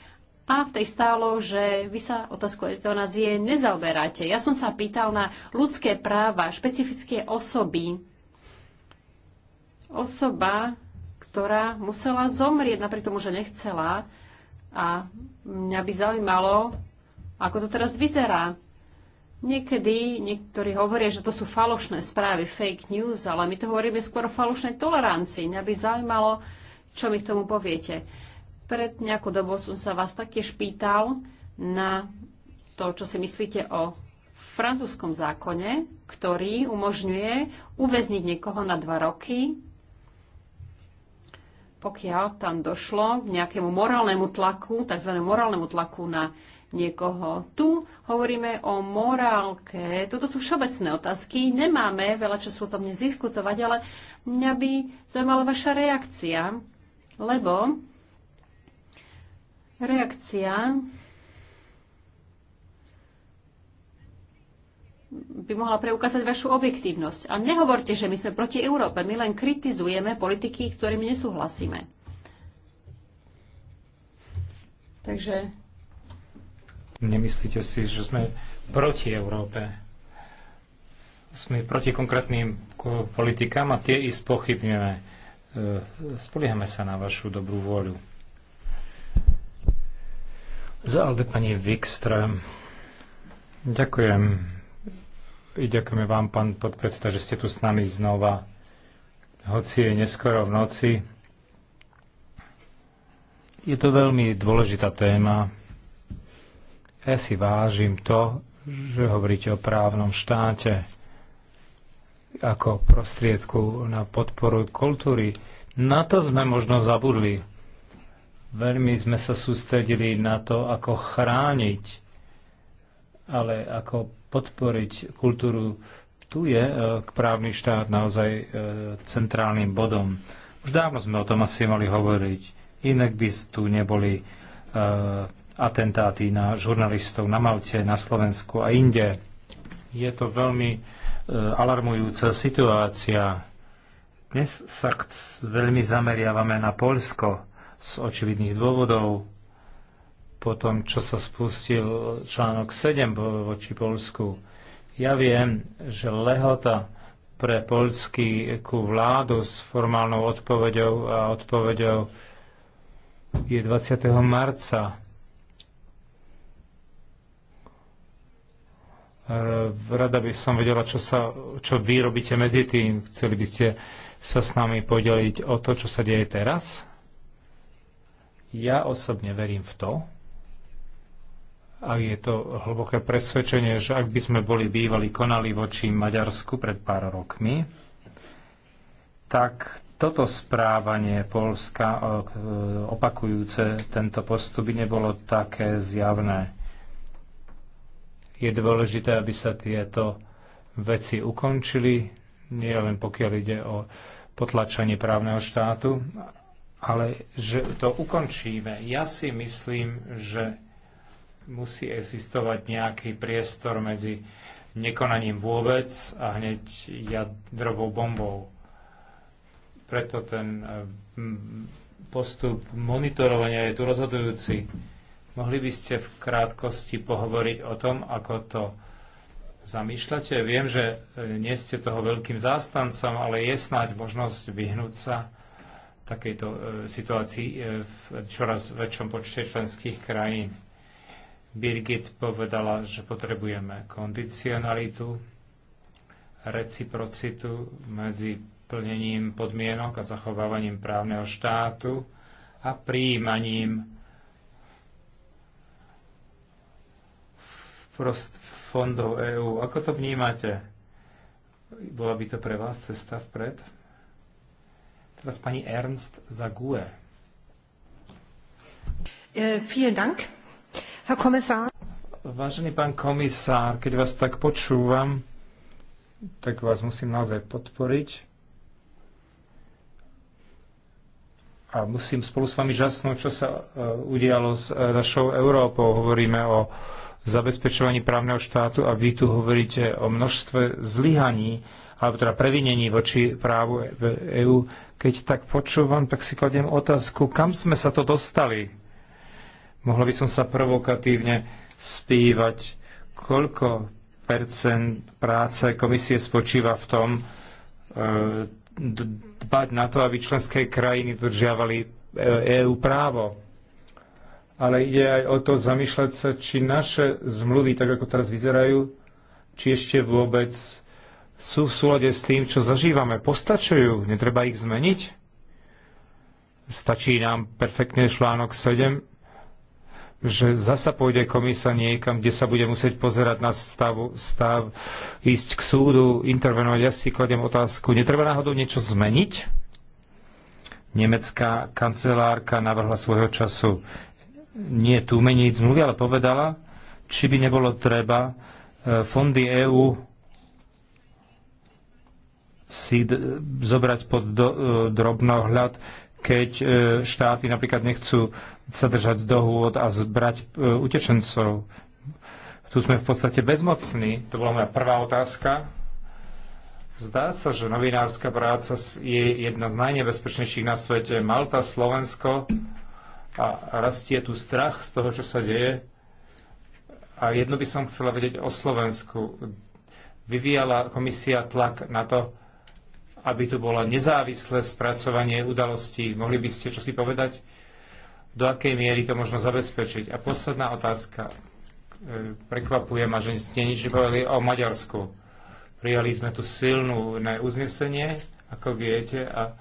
a v tej stálo, že vy sa otázku je nezaoberáte. Ja som sa pýtal na ľudské práva, špecifické osoby. Osoba, ktorá musela zomrieť napriek tomu, že nechcela. A mňa by zaujímalo, ako to teraz vyzerá Niekedy niektorí hovoria, že to sú falošné správy, fake news, ale my to hovoríme skôr o falošnej tolerancii. Mňa by zaujímalo, čo mi k tomu poviete. Pred nejakou dobou som sa vás taktiež pýtal na to, čo si myslíte o francúzskom zákone, ktorý umožňuje uväzniť niekoho na dva roky, pokiaľ tam došlo k nejakému morálnemu tlaku, tzv. morálnemu tlaku na niekoho. Tu hovoríme o morálke. Toto sú všeobecné otázky. Nemáme veľa času o tom dnes diskutovať, ale mňa by zaujímala vaša reakcia, lebo reakcia by mohla preukázať vašu objektívnosť. A nehovorte, že my sme proti Európe, my len kritizujeme politiky, ktorými nesúhlasíme. Takže Nemyslíte si, že sme proti Európe? Sme proti konkrétnym politikám a tie ísť pochybňujeme. E, spoliehame sa na vašu dobrú vôľu. Za Alde pani Wikström. Ďakujem. I ďakujeme vám, pán podpredseda, že ste tu s nami znova. Hoci je neskoro v noci, je to veľmi dôležitá téma ja si vážim to, že hovoríte o právnom štáte ako prostriedku na podporu kultúry. Na to sme možno zabudli. Veľmi sme sa sústredili na to, ako chrániť, ale ako podporiť kultúru. Tu je e, právny štát naozaj e, centrálnym bodom. Už dávno sme o tom asi mali hovoriť. Inak by tu neboli e, atentáty na žurnalistov na Malte, na Slovensku a inde. Je to veľmi e, alarmujúca situácia. Dnes sa veľmi zameriavame na Polsko z očividných dôvodov. Po tom, čo sa spustil článok 7 voči Polsku, ja viem, že lehota pre polskú vládu s formálnou odpoveďou a odpoveďou je 20. marca Rada by som vedela, čo, sa, čo vy robíte medzi tým. Chceli by ste sa s nami podeliť o to, čo sa deje teraz? Ja osobne verím v to, a je to hlboké presvedčenie, že ak by sme boli bývali konali voči Maďarsku pred pár rokmi, tak toto správanie Polska opakujúce tento postup by nebolo také zjavné. Je dôležité, aby sa tieto veci ukončili, nie len pokiaľ ide o potlačanie právneho štátu, ale že to ukončíme. Ja si myslím, že musí existovať nejaký priestor medzi nekonaním vôbec a hneď jadrovou bombou. Preto ten mm, postup monitorovania je tu rozhodujúci. Mohli by ste v krátkosti pohovoriť o tom, ako to zamýšľate? Viem, že e, nie ste toho veľkým zástancom, ale je snáď možnosť vyhnúť sa takejto e, situácii e, v čoraz väčšom počte členských krajín. Birgit povedala, že potrebujeme kondicionalitu, reciprocitu medzi plnením podmienok a zachovávaním právneho štátu a príjmaním fondov EÚ. Ako to vnímate? Bola by to pre vás cesta vpred? Teraz pani Ernst Zague. Äh, e, Dank, Herr Kommissar. Vážený pán komisár, keď vás tak počúvam, tak vás musím naozaj podporiť. A musím spolu s vami žasnúť, čo sa e, udialo s e, našou Európou. Hovoríme o zabezpečovaní právneho štátu a vy tu hovoríte o množstve zlyhaní alebo teda previnení voči právu v EÚ. Keď tak počúvam, tak si kladiem otázku, kam sme sa to dostali? Mohla by som sa provokatívne spývať, koľko percent práce komisie spočíva v tom, e, dbať na to, aby členské krajiny dodržiavali EU e právo ale ide aj o to zamýšľať sa, či naše zmluvy, tak ako teraz vyzerajú, či ešte vôbec sú v súlade s tým, čo zažívame. Postačujú, netreba ich zmeniť. Stačí nám perfektne článok 7, že zasa pôjde komisa niekam, kde sa bude musieť pozerať na stavu, stav, ísť k súdu, intervenovať. Ja si kladiem otázku, netreba náhodou niečo zmeniť? Nemecká kancelárka navrhla svojho času nie tu meniť zmluvy, ale povedala, či by nebolo treba e, fondy EÚ si zobrať pod do, e, drobnohľad, keď e, štáty napríklad nechcú sa držať z dohôd a zbrať utečencov. Tu sme v podstate bezmocní. To bola moja prvá otázka. Zdá sa, že novinárska práca je jedna z najnebezpečnejších na svete. Malta, Slovensko, a rastie tu strach z toho, čo sa deje. A jedno by som chcela vedieť o Slovensku. Vyvíjala komisia tlak na to, aby tu bolo nezávislé spracovanie udalostí. Mohli by ste čo si povedať? Do akej miery to možno zabezpečiť? A posledná otázka. E, prekvapuje ma, že ste nič nepovedali o Maďarsku. Prijali sme tu silnú uznesenie, ako viete, a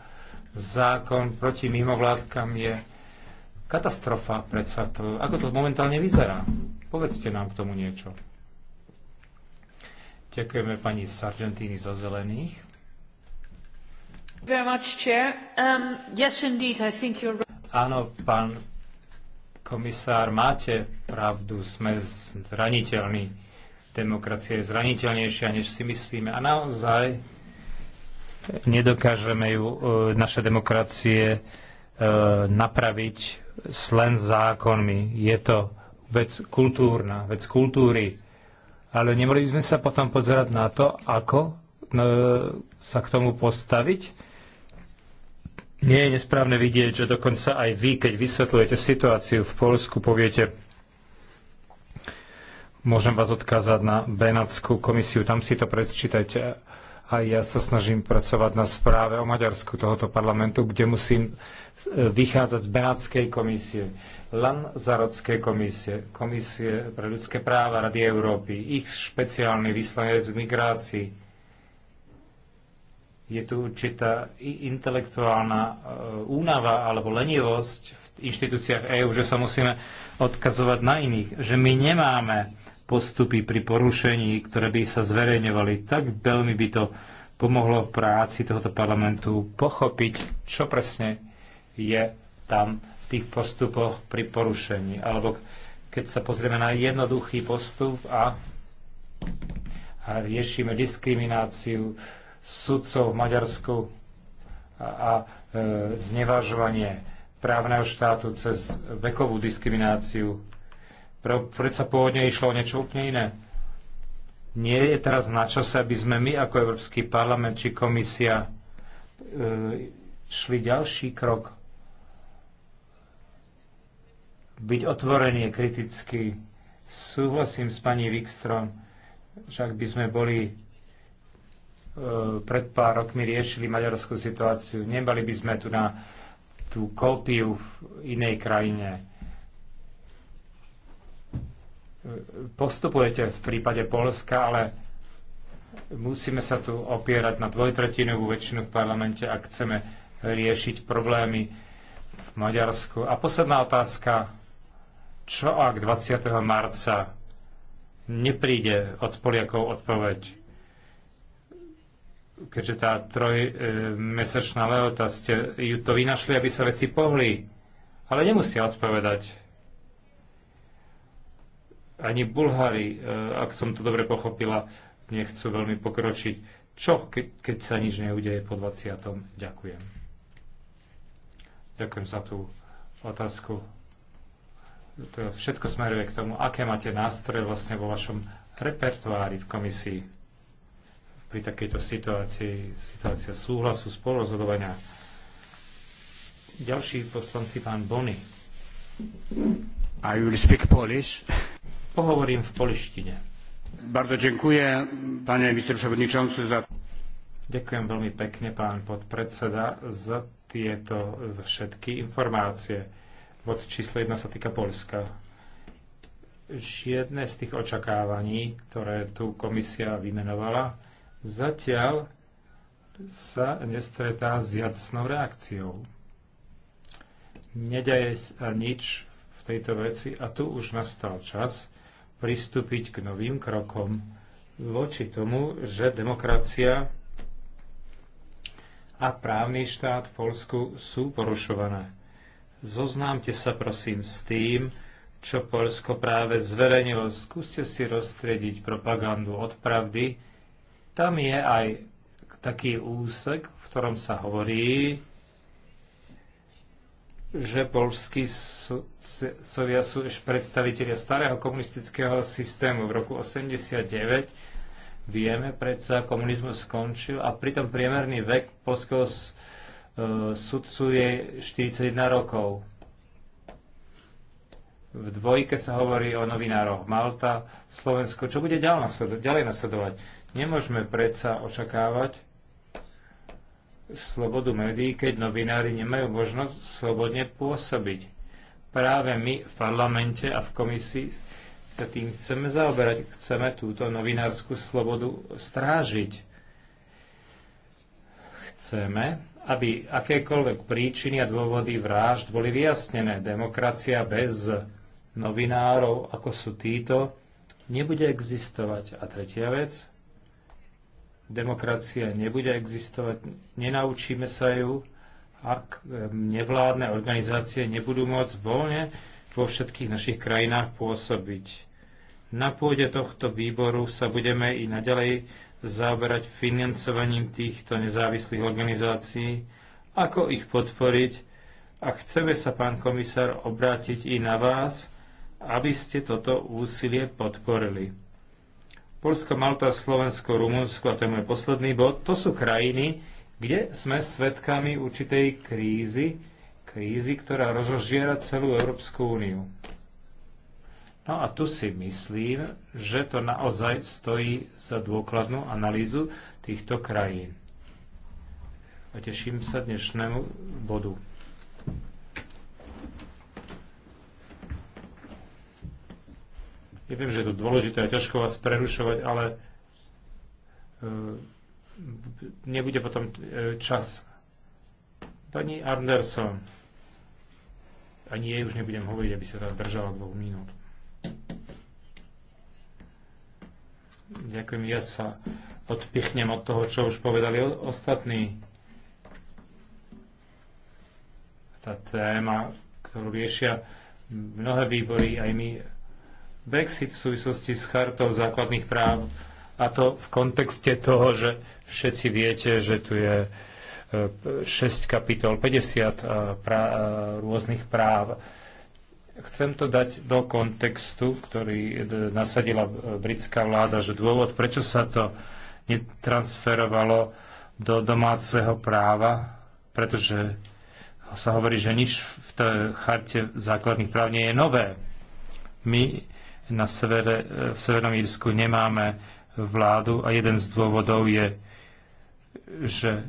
zákon proti mimovládkam je Katastrofa predsa to. Ako to momentálne vyzerá? Povedzte nám k tomu niečo. Ďakujeme pani Sargentini za zelených. Um, Áno, pán komisár, máte pravdu, sme zraniteľní. Demokracia je zraniteľnejšia, než si myslíme. A naozaj nedokážeme ju, e, naše demokracie e, napraviť s len zákonmi. Je to vec kultúrna, vec kultúry. Ale nemali by sme sa potom pozerať na to, ako e, sa k tomu postaviť. Nie je nesprávne vidieť, že dokonca aj vy, keď vysvetľujete situáciu v Polsku, poviete, môžem vás odkázať na Benátskú komisiu, tam si to prečítajte a ja sa snažím pracovať na správe o Maďarsku tohoto parlamentu, kde musím e, vychádzať z Benátskej komisie, Lanzarotskej komisie, Komisie pre ľudské práva Rady Európy, ich špeciálny vyslanec v migrácii. Je tu určitá intelektuálna e, únava alebo lenivosť v inštitúciách EÚ, že sa musíme odkazovať na iných, že my nemáme postupy pri porušení, ktoré by sa zverejňovali. Tak veľmi by to pomohlo práci tohoto parlamentu pochopiť, čo presne je tam v tých postupoch pri porušení. Alebo keď sa pozrieme na jednoduchý postup a, a riešime diskrimináciu sudcov v Maďarsku a, a e, znevažovanie právneho štátu cez vekovú diskrimináciu Predsa pôvodne išlo o niečo úplne iné. Nie je teraz na čase, aby sme my ako Európsky parlament či komisia e, šli ďalší krok. Byť otvorený kriticky. Súhlasím s pani Wikström, že ak by sme boli e, pred pár rokmi riešili maďarskú situáciu, nemali by sme tu na tú kópiu v inej krajine postupujete v prípade Polska, ale musíme sa tu opierať na dvojtretinovú väčšinu v parlamente, ak chceme riešiť problémy v Maďarsku. A posledná otázka. Čo ak 20. marca nepríde od Poliakov odpoveď? Keďže tá trojmesačná lehota ste ju to vynašli, aby sa veci pohli. Ale nemusia odpovedať ani Bulhári, e, ak som to dobre pochopila, nechcú veľmi pokročiť. Čo, keď, keď sa nič neudeje po 20. Ďakujem. Ďakujem za tú otázku. To všetko smeruje k tomu, aké máte nástroje vlastne vo vašom repertoári v komisii pri takejto situácii, situácia súhlasu, spolurozhodovania. Ďalší poslanci, pán Bony. I will speak Polish. <laughs> Pohovorím v polištine. Bardzo dziękuję, panie wiceprzewodniczący, za... Ďakujem veľmi pekne, pán podpredseda, za tieto všetky informácie. Od číslo 1 sa týka Polska. Žiadne z tých očakávaní, ktoré tu komisia vymenovala, zatiaľ sa nestretá s jasnou reakciou. Nedeje sa nič v tejto veci a tu už nastal čas, pristúpiť k novým krokom voči tomu, že demokracia a právny štát v Polsku sú porušované. Zoznámte sa prosím s tým, čo Polsko práve zverejnilo. Skúste si rozstriediť propagandu od pravdy. Tam je aj taký úsek, v ktorom sa hovorí, že polskí sovia sú už predstavitelia starého komunistického systému. V roku 89 vieme predsa, komunizmus skončil a pritom priemerný vek polského eh, sudcu je 41 rokov. V dvojke sa hovorí o novinároch Malta, Slovensko. Čo bude ďalej nasledovať? Nemôžeme predsa očakávať, slobodu médií, keď novinári nemajú možnosť slobodne pôsobiť. Práve my v parlamente a v komisii sa tým chceme zaoberať. Chceme túto novinárskú slobodu strážiť. Chceme, aby akékoľvek príčiny a dôvody vražd boli vyjasnené. Demokracia bez novinárov, ako sú títo, nebude existovať. A tretia vec, demokracia nebude existovať, nenaučíme sa ju, ak nevládne organizácie nebudú môcť voľne vo všetkých našich krajinách pôsobiť. Na pôde tohto výboru sa budeme i naďalej zaoberať financovaním týchto nezávislých organizácií, ako ich podporiť a chceme sa, pán komisár, obrátiť i na vás, aby ste toto úsilie podporili. Polsko, Malta, Slovensko, Rumunsko, a to je môj posledný bod, to sú krajiny, kde sme svetkami určitej krízy, krízy, ktorá rozžiera celú Európsku úniu. No a tu si myslím, že to naozaj stojí za dôkladnú analýzu týchto krajín. A teším sa dnešnému bodu. Ja viem, že je to dôležité a ťažko vás prerušovať, ale e, nebude potom e, čas. Pani Anderson, ani jej už nebudem hovoriť, aby sa teda držala dvoch minút. Ďakujem, ja sa odpichnem od toho, čo už povedali ostatní. Tá téma, ktorú riešia mnohé výbory, aj my Brexit v súvislosti s chartou základných práv a to v kontexte toho, že všetci viete, že tu je 6 e, kapitol, 50 e, prá- e, rôznych práv. Chcem to dať do kontextu, ktorý nasadila britská vláda, že dôvod, prečo sa to netransferovalo do domáceho práva, pretože sa hovorí, že nič v tej charte základných práv nie je nové. My na severe, v Severnom Írsku nemáme vládu a jeden z dôvodov je, že e,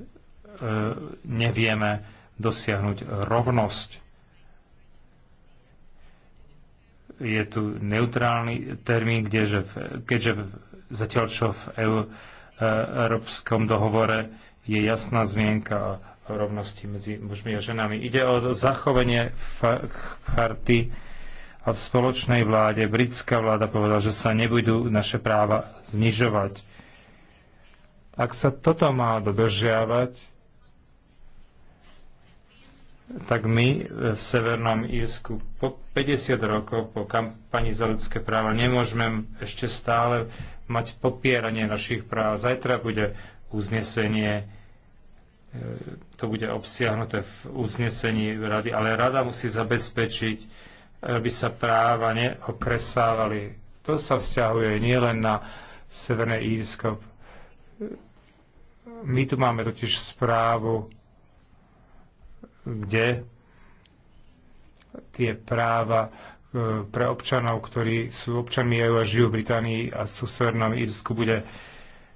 nevieme dosiahnuť rovnosť. Je tu neutrálny termín, kdeže v, keďže v, zatiaľ čo v EU, e, Európskom dohovore je jasná zmienka o rovnosti medzi mužmi a ženami. Ide o zachovanie charty a v spoločnej vláde britská vláda povedala, že sa nebudú naše práva znižovať. Ak sa toto má dodržiavať, tak my v Severnom Írsku po 50 rokov po kampani za ľudské práva nemôžeme ešte stále mať popieranie našich práv. Zajtra bude uznesenie, e, to bude obsiahnuté v uznesení rady, ale rada musí zabezpečiť, aby sa práva neokresávali. To sa vzťahuje nielen na Severné Írsko. My tu máme totiž správu, kde tie práva e, pre občanov, ktorí sú občanmi EU a žijú v Británii a sú v Severnom Írsku, bude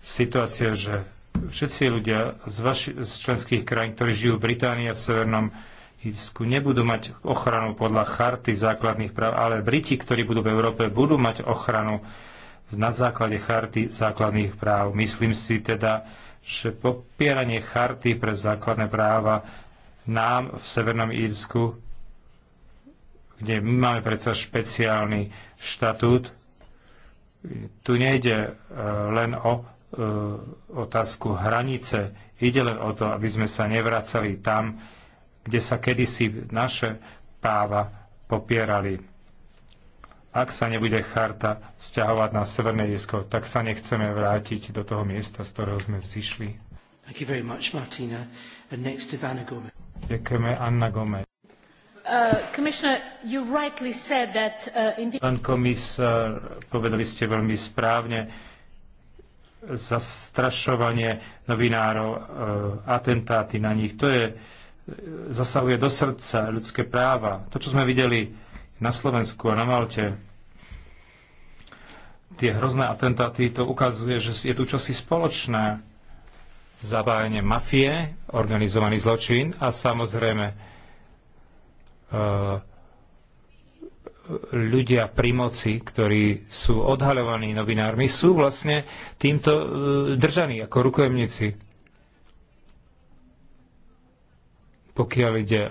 situácia, že všetci ľudia z, vaši, z členských krajín, ktorí žijú v Británii a v Severnom Írsku nebudú mať ochranu podľa charty základných práv, ale Briti, ktorí budú v Európe, budú mať ochranu na základe charty základných práv. Myslím si teda, že popieranie charty pre základné práva nám v Severnom Írsku, kde my máme predsa špeciálny štatút, tu nejde e, len o e, otázku hranice, ide len o to, aby sme sa nevracali tam, kde sa kedysi naše práva popierali. Ak sa nebude charta vzťahovať na Severné Jesko, tak sa nechceme vrátiť do toho miesta, z ktorého sme vzýšli. Ďakujeme, Anna Gomez. Uh, that, uh, Pán komisár, uh, povedali ste veľmi správne, zastrašovanie novinárov, uh, atentáty na nich, to je zasahuje do srdca ľudské práva. To, čo sme videli na Slovensku a na Malte, tie hrozné atentáty, to ukazuje, že je tu čosi spoločné. Zabájanie mafie, organizovaný zločin a samozrejme eh, ľudia pri moci, ktorí sú odhaľovaní novinármi, sú vlastne týmto eh, držaní ako rukojemníci Pokiaľ ide e,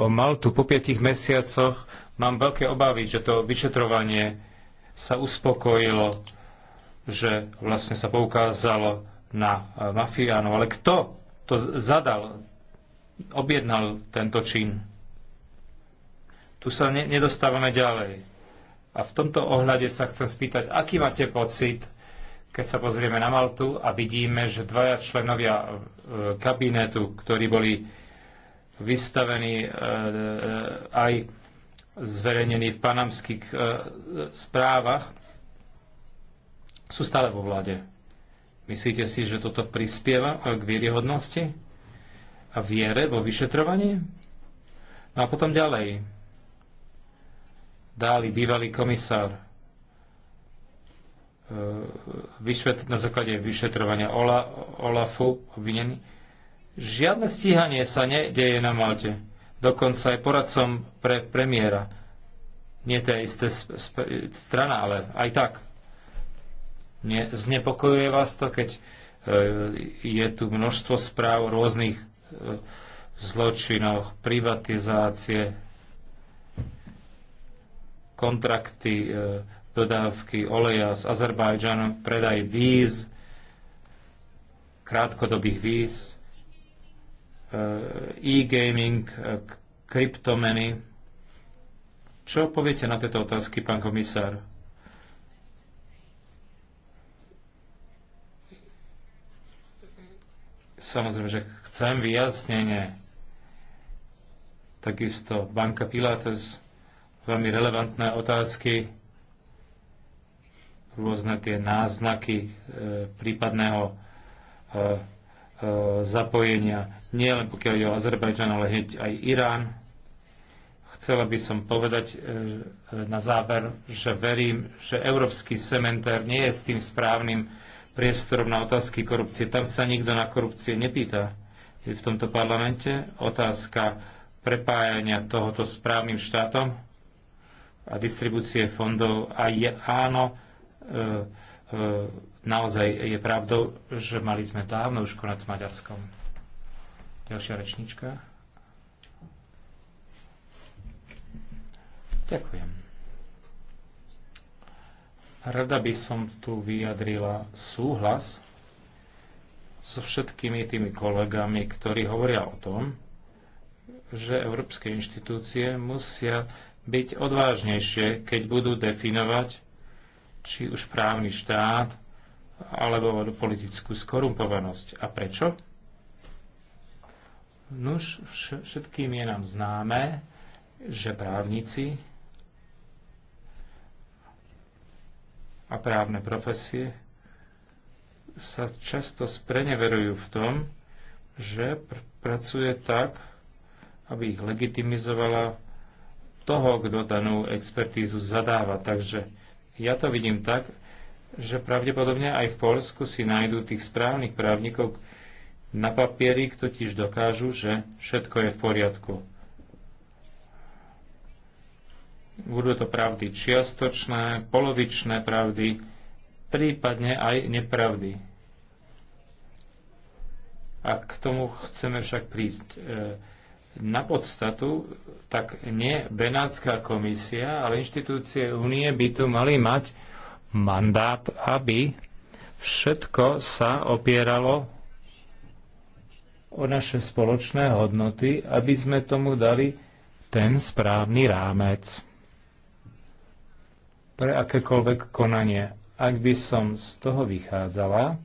o, Maltu, po piatich mesiacoch mám veľké obavy, že to vyšetrovanie sa uspokojilo, že vlastne sa poukázalo na e, mafiánov. Ale kto to zadal, objednal tento čin? Tu sa ne, nedostávame ďalej. A v tomto ohľade sa chcem spýtať, aký máte pocit, keď sa pozrieme na Maltu a vidíme, že dvaja členovia e, kabinetu, ktorí boli vystavený e, e, aj zverejnený v panamských e, správach, sú stále vo vláde. Myslíte si, že toto prispieva k vieryhodnosti a viere vo vyšetrovanie? No a potom ďalej. Dáli bývalý komisár na základe vyšetrovania Ola, Olafu obvinený Žiadne stíhanie sa nedeje na Malte. Dokonca aj poradcom pre premiéra. Nie tá istá strana, ale aj tak. Ne, znepokojuje vás to, keď e, je tu množstvo správ o rôznych e, zločinoch, privatizácie, kontrakty, e, dodávky oleja z Azerbajdžanu, predaj víz, krátkodobých víz, E, e-gaming, e, kryptomeny. Čo poviete na tieto otázky, pán komisár? Samozrejme, že chcem vyjasnenie. Takisto banka Pilates, veľmi relevantné otázky, rôzne tie náznaky e, prípadného e, e, zapojenia nie len pokiaľ je o Azerbajdžan, ale hneď aj Irán. Chcela by som povedať e, e, na záver, že verím, že Európsky cementár nie je s tým správnym priestorom na otázky korupcie. Tam sa nikto na korupcie nepýta. Je v tomto parlamente otázka prepájania tohoto správnym štátom a distribúcie fondov. A je áno, e, e, naozaj je pravdou, že mali sme dávno už konať s Maďarskom. Ďalšia rečnička. Ďakujem. Rada by som tu vyjadrila súhlas so všetkými tými kolegami, ktorí hovoria o tom, že európske inštitúcie musia byť odvážnejšie, keď budú definovať či už právny štát alebo politickú skorumpovanosť. A prečo? Nuž, všetkým je nám známe, že právnici a právne profesie sa často spreneverujú v tom, že pr- pracuje tak, aby ich legitimizovala toho, kto danú expertízu zadáva. Takže ja to vidím tak, že pravdepodobne aj v Polsku si nájdú tých správnych právnikov, na papieri totiž dokážu, že všetko je v poriadku. Budú to pravdy čiastočné, polovičné pravdy, prípadne aj nepravdy. A k tomu chceme však prísť e, na podstatu, tak nie Benátska komisia, ale inštitúcie únie by tu mali mať mandát, aby všetko sa opieralo o naše spoločné hodnoty, aby sme tomu dali ten správny rámec pre akékoľvek konanie. Ak by som z toho vychádzala,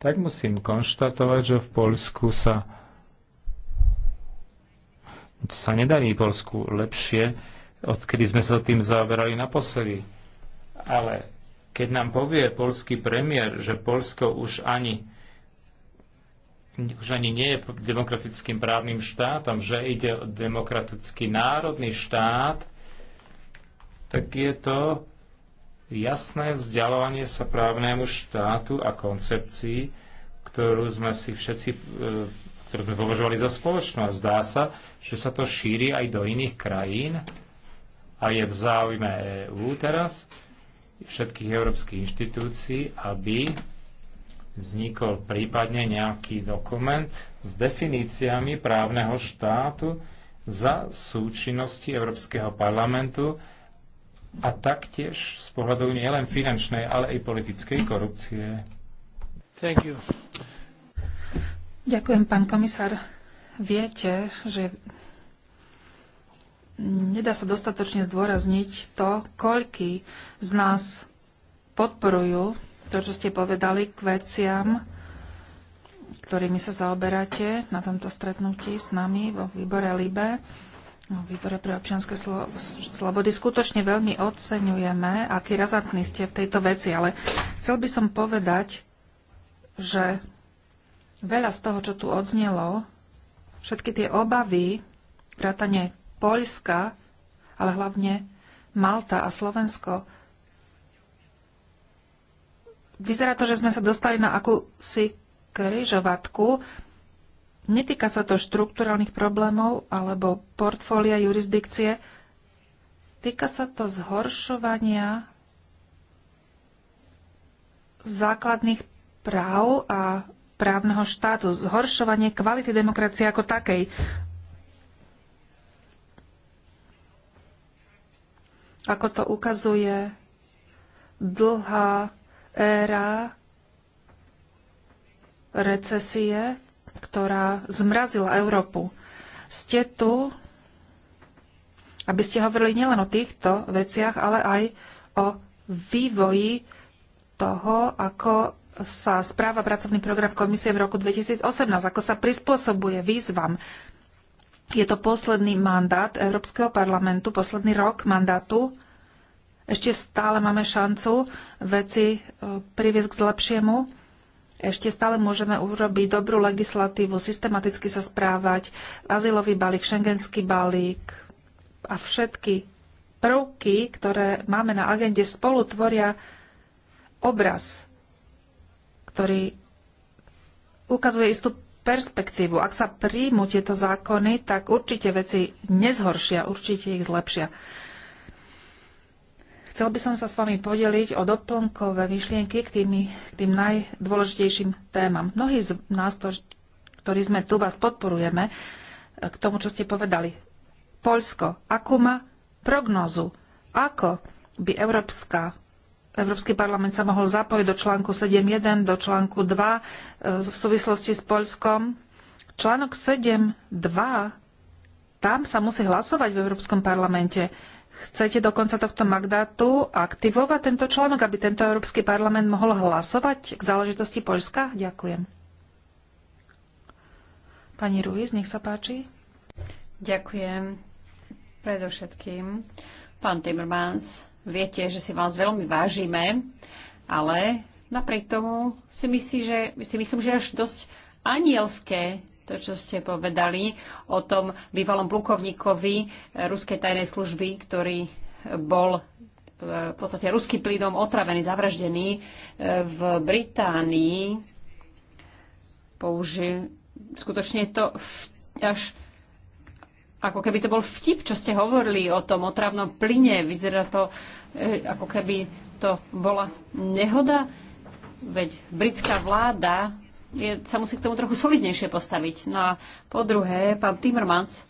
tak musím konštatovať, že v Polsku sa sa nedarí Polsku lepšie, odkedy sme sa tým zaoberali naposledy. Ale keď nám povie polský premiér, že Polsko už ani už ani nie je demokratickým právnym štátom, že ide o demokratický národný štát, tak je to jasné vzdialovanie sa právnemu štátu a koncepcii, ktorú sme si všetci e, ktorú sme považovali za spoločnú. A zdá sa, že sa to šíri aj do iných krajín a je v záujme EÚ teraz, všetkých európskych inštitúcií, aby vznikol prípadne nejaký dokument s definíciami právneho štátu za súčinnosti Európskeho parlamentu a taktiež z pohľadu nielen finančnej, ale i politickej korupcie. Thank you. Ďakujem, pán komisár. Viete, že nedá sa dostatočne zdôrazniť to, koľky z nás podporujú to, čo ste povedali k veciam, ktorými sa zaoberáte na tomto stretnutí s nami vo výbore LIBE. vo výbore pre občianske slo slobody skutočne veľmi oceňujeme, aký razantní ste v tejto veci, ale chcel by som povedať, že veľa z toho, čo tu odznelo, všetky tie obavy, vrátane Poľska, ale hlavne Malta a Slovensko, vyzerá to, že sme sa dostali na akúsi kryžovatku. Netýka sa to štrukturálnych problémov alebo portfólia jurisdikcie. Týka sa to zhoršovania základných práv a právneho štátu, zhoršovanie kvality demokracie ako takej. Ako to ukazuje dlhá éra recesie, ktorá zmrazila Európu. Ste tu, aby ste hovorili nielen o týchto veciach, ale aj o vývoji toho, ako sa správa pracovný program komisie v roku 2018, ako sa prispôsobuje výzvam. Je to posledný mandát Európskeho parlamentu, posledný rok mandátu ešte stále máme šancu veci e, priviesť k zlepšiemu. Ešte stále môžeme urobiť dobrú legislatívu, systematicky sa správať, azylový balík, šengenský balík a všetky prvky, ktoré máme na agende, spolu tvoria obraz, ktorý ukazuje istú perspektívu. Ak sa príjmu tieto zákony, tak určite veci nezhoršia, určite ich zlepšia. Chcel by som sa s vami podeliť o doplnkové myšlienky k, tými, k tým najdôležitejším témam. Mnohí z nás, ktorí sme tu, vás podporujeme eh, k tomu, čo ste povedali. Poľsko, akú má prognozu? Ako by Európska Európsky parlament sa mohol zapojiť do článku 7.1, do článku 2 eh, v súvislosti s Polskom. Článok 7.2, tam sa musí hlasovať v Európskom parlamente. Chcete do konca tohto mandátu aktivovať tento článok, aby tento Európsky parlament mohol hlasovať k záležitosti Poľska? Ďakujem. Pani Ruiz, nech sa páči. Ďakujem. Predovšetkým, pán Timmermans, viete, že si vás veľmi vážime, ale napriek tomu si, myslí, že, si myslím, že až dosť anielské to, čo ste povedali o tom bývalom plukovníkovi eh, ruskej tajnej služby, ktorý eh, bol eh, v podstate ruský plynom otravený, zavraždený v Británii. Použil skutočne to až ako keby to bol vtip, čo ste hovorili o tom otravnom plyne. Vyzerá to, ako keby to bola nehoda. Veď britská vláda je, sa musí k tomu trochu solidnejšie postaviť. No a po druhé, pán Timmermans,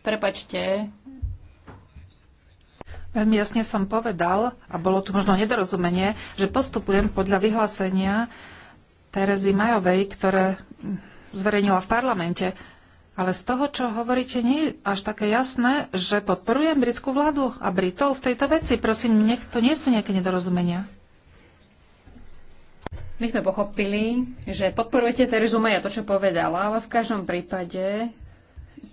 prepačte, Veľmi jasne som povedal, a bolo tu možno nedorozumenie, že postupujem podľa vyhlásenia Terezy Majovej, ktoré zverejnila v parlamente. Ale z toho, čo hovoríte, nie je až také jasné, že podporujem britskú vládu a Britov v tejto veci. Prosím, nech, to nie sú nejaké nedorozumenia. My sme pochopili, že podporujete Terezu May a to, čo povedala, ale v každom prípade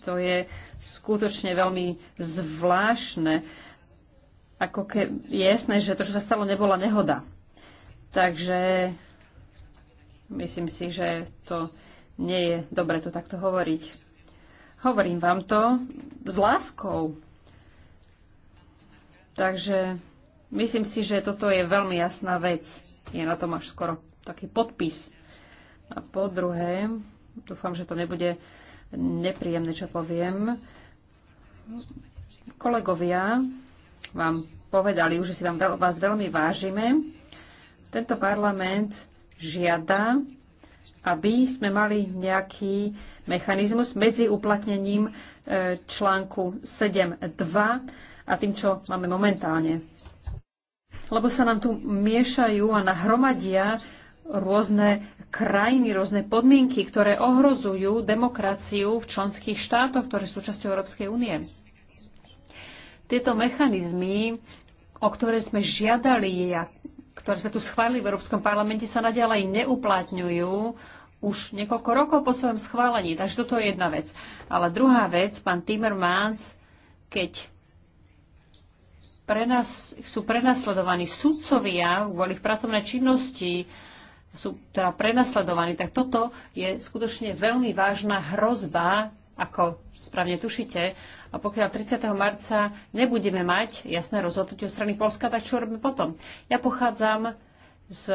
to je skutočne veľmi zvláštne. Ako ke, je jasné, že to, čo sa stalo, nebola nehoda. Takže myslím si, že to nie je dobre to takto hovoriť. Hovorím vám to s láskou. Takže myslím si, že toto je veľmi jasná vec. Je na tom až skoro taký podpis. A po druhé, dúfam, že to nebude nepríjemné, čo poviem, kolegovia vám povedali už, že si vám, vás veľmi vážime. Tento parlament žiada, aby sme mali nejaký mechanizmus medzi uplatnením e, článku 7.2 a tým, čo máme momentálne. Lebo sa nám tu miešajú a nahromadia rôzne krajiny, rôzne podmienky, ktoré ohrozujú demokraciu v členských štátoch, ktoré sú časťou Európskej únie. Tieto mechanizmy, o ktoré sme žiadali a ktoré sa tu schválili v Európskom parlamente, sa nadalej neuplatňujú už niekoľko rokov po svojom schválení. Takže toto je jedna vec. Ale druhá vec, pán Timmermans, keď pre nás, sú prenasledovaní sudcovia kvôli pracovnej činnosti, sú teda prenasledovaní, tak toto je skutočne veľmi vážna hrozba, ako správne tušíte. A pokiaľ 30. marca nebudeme mať jasné rozhodnutie o strany Polska, tak čo robíme potom? Ja pochádzam z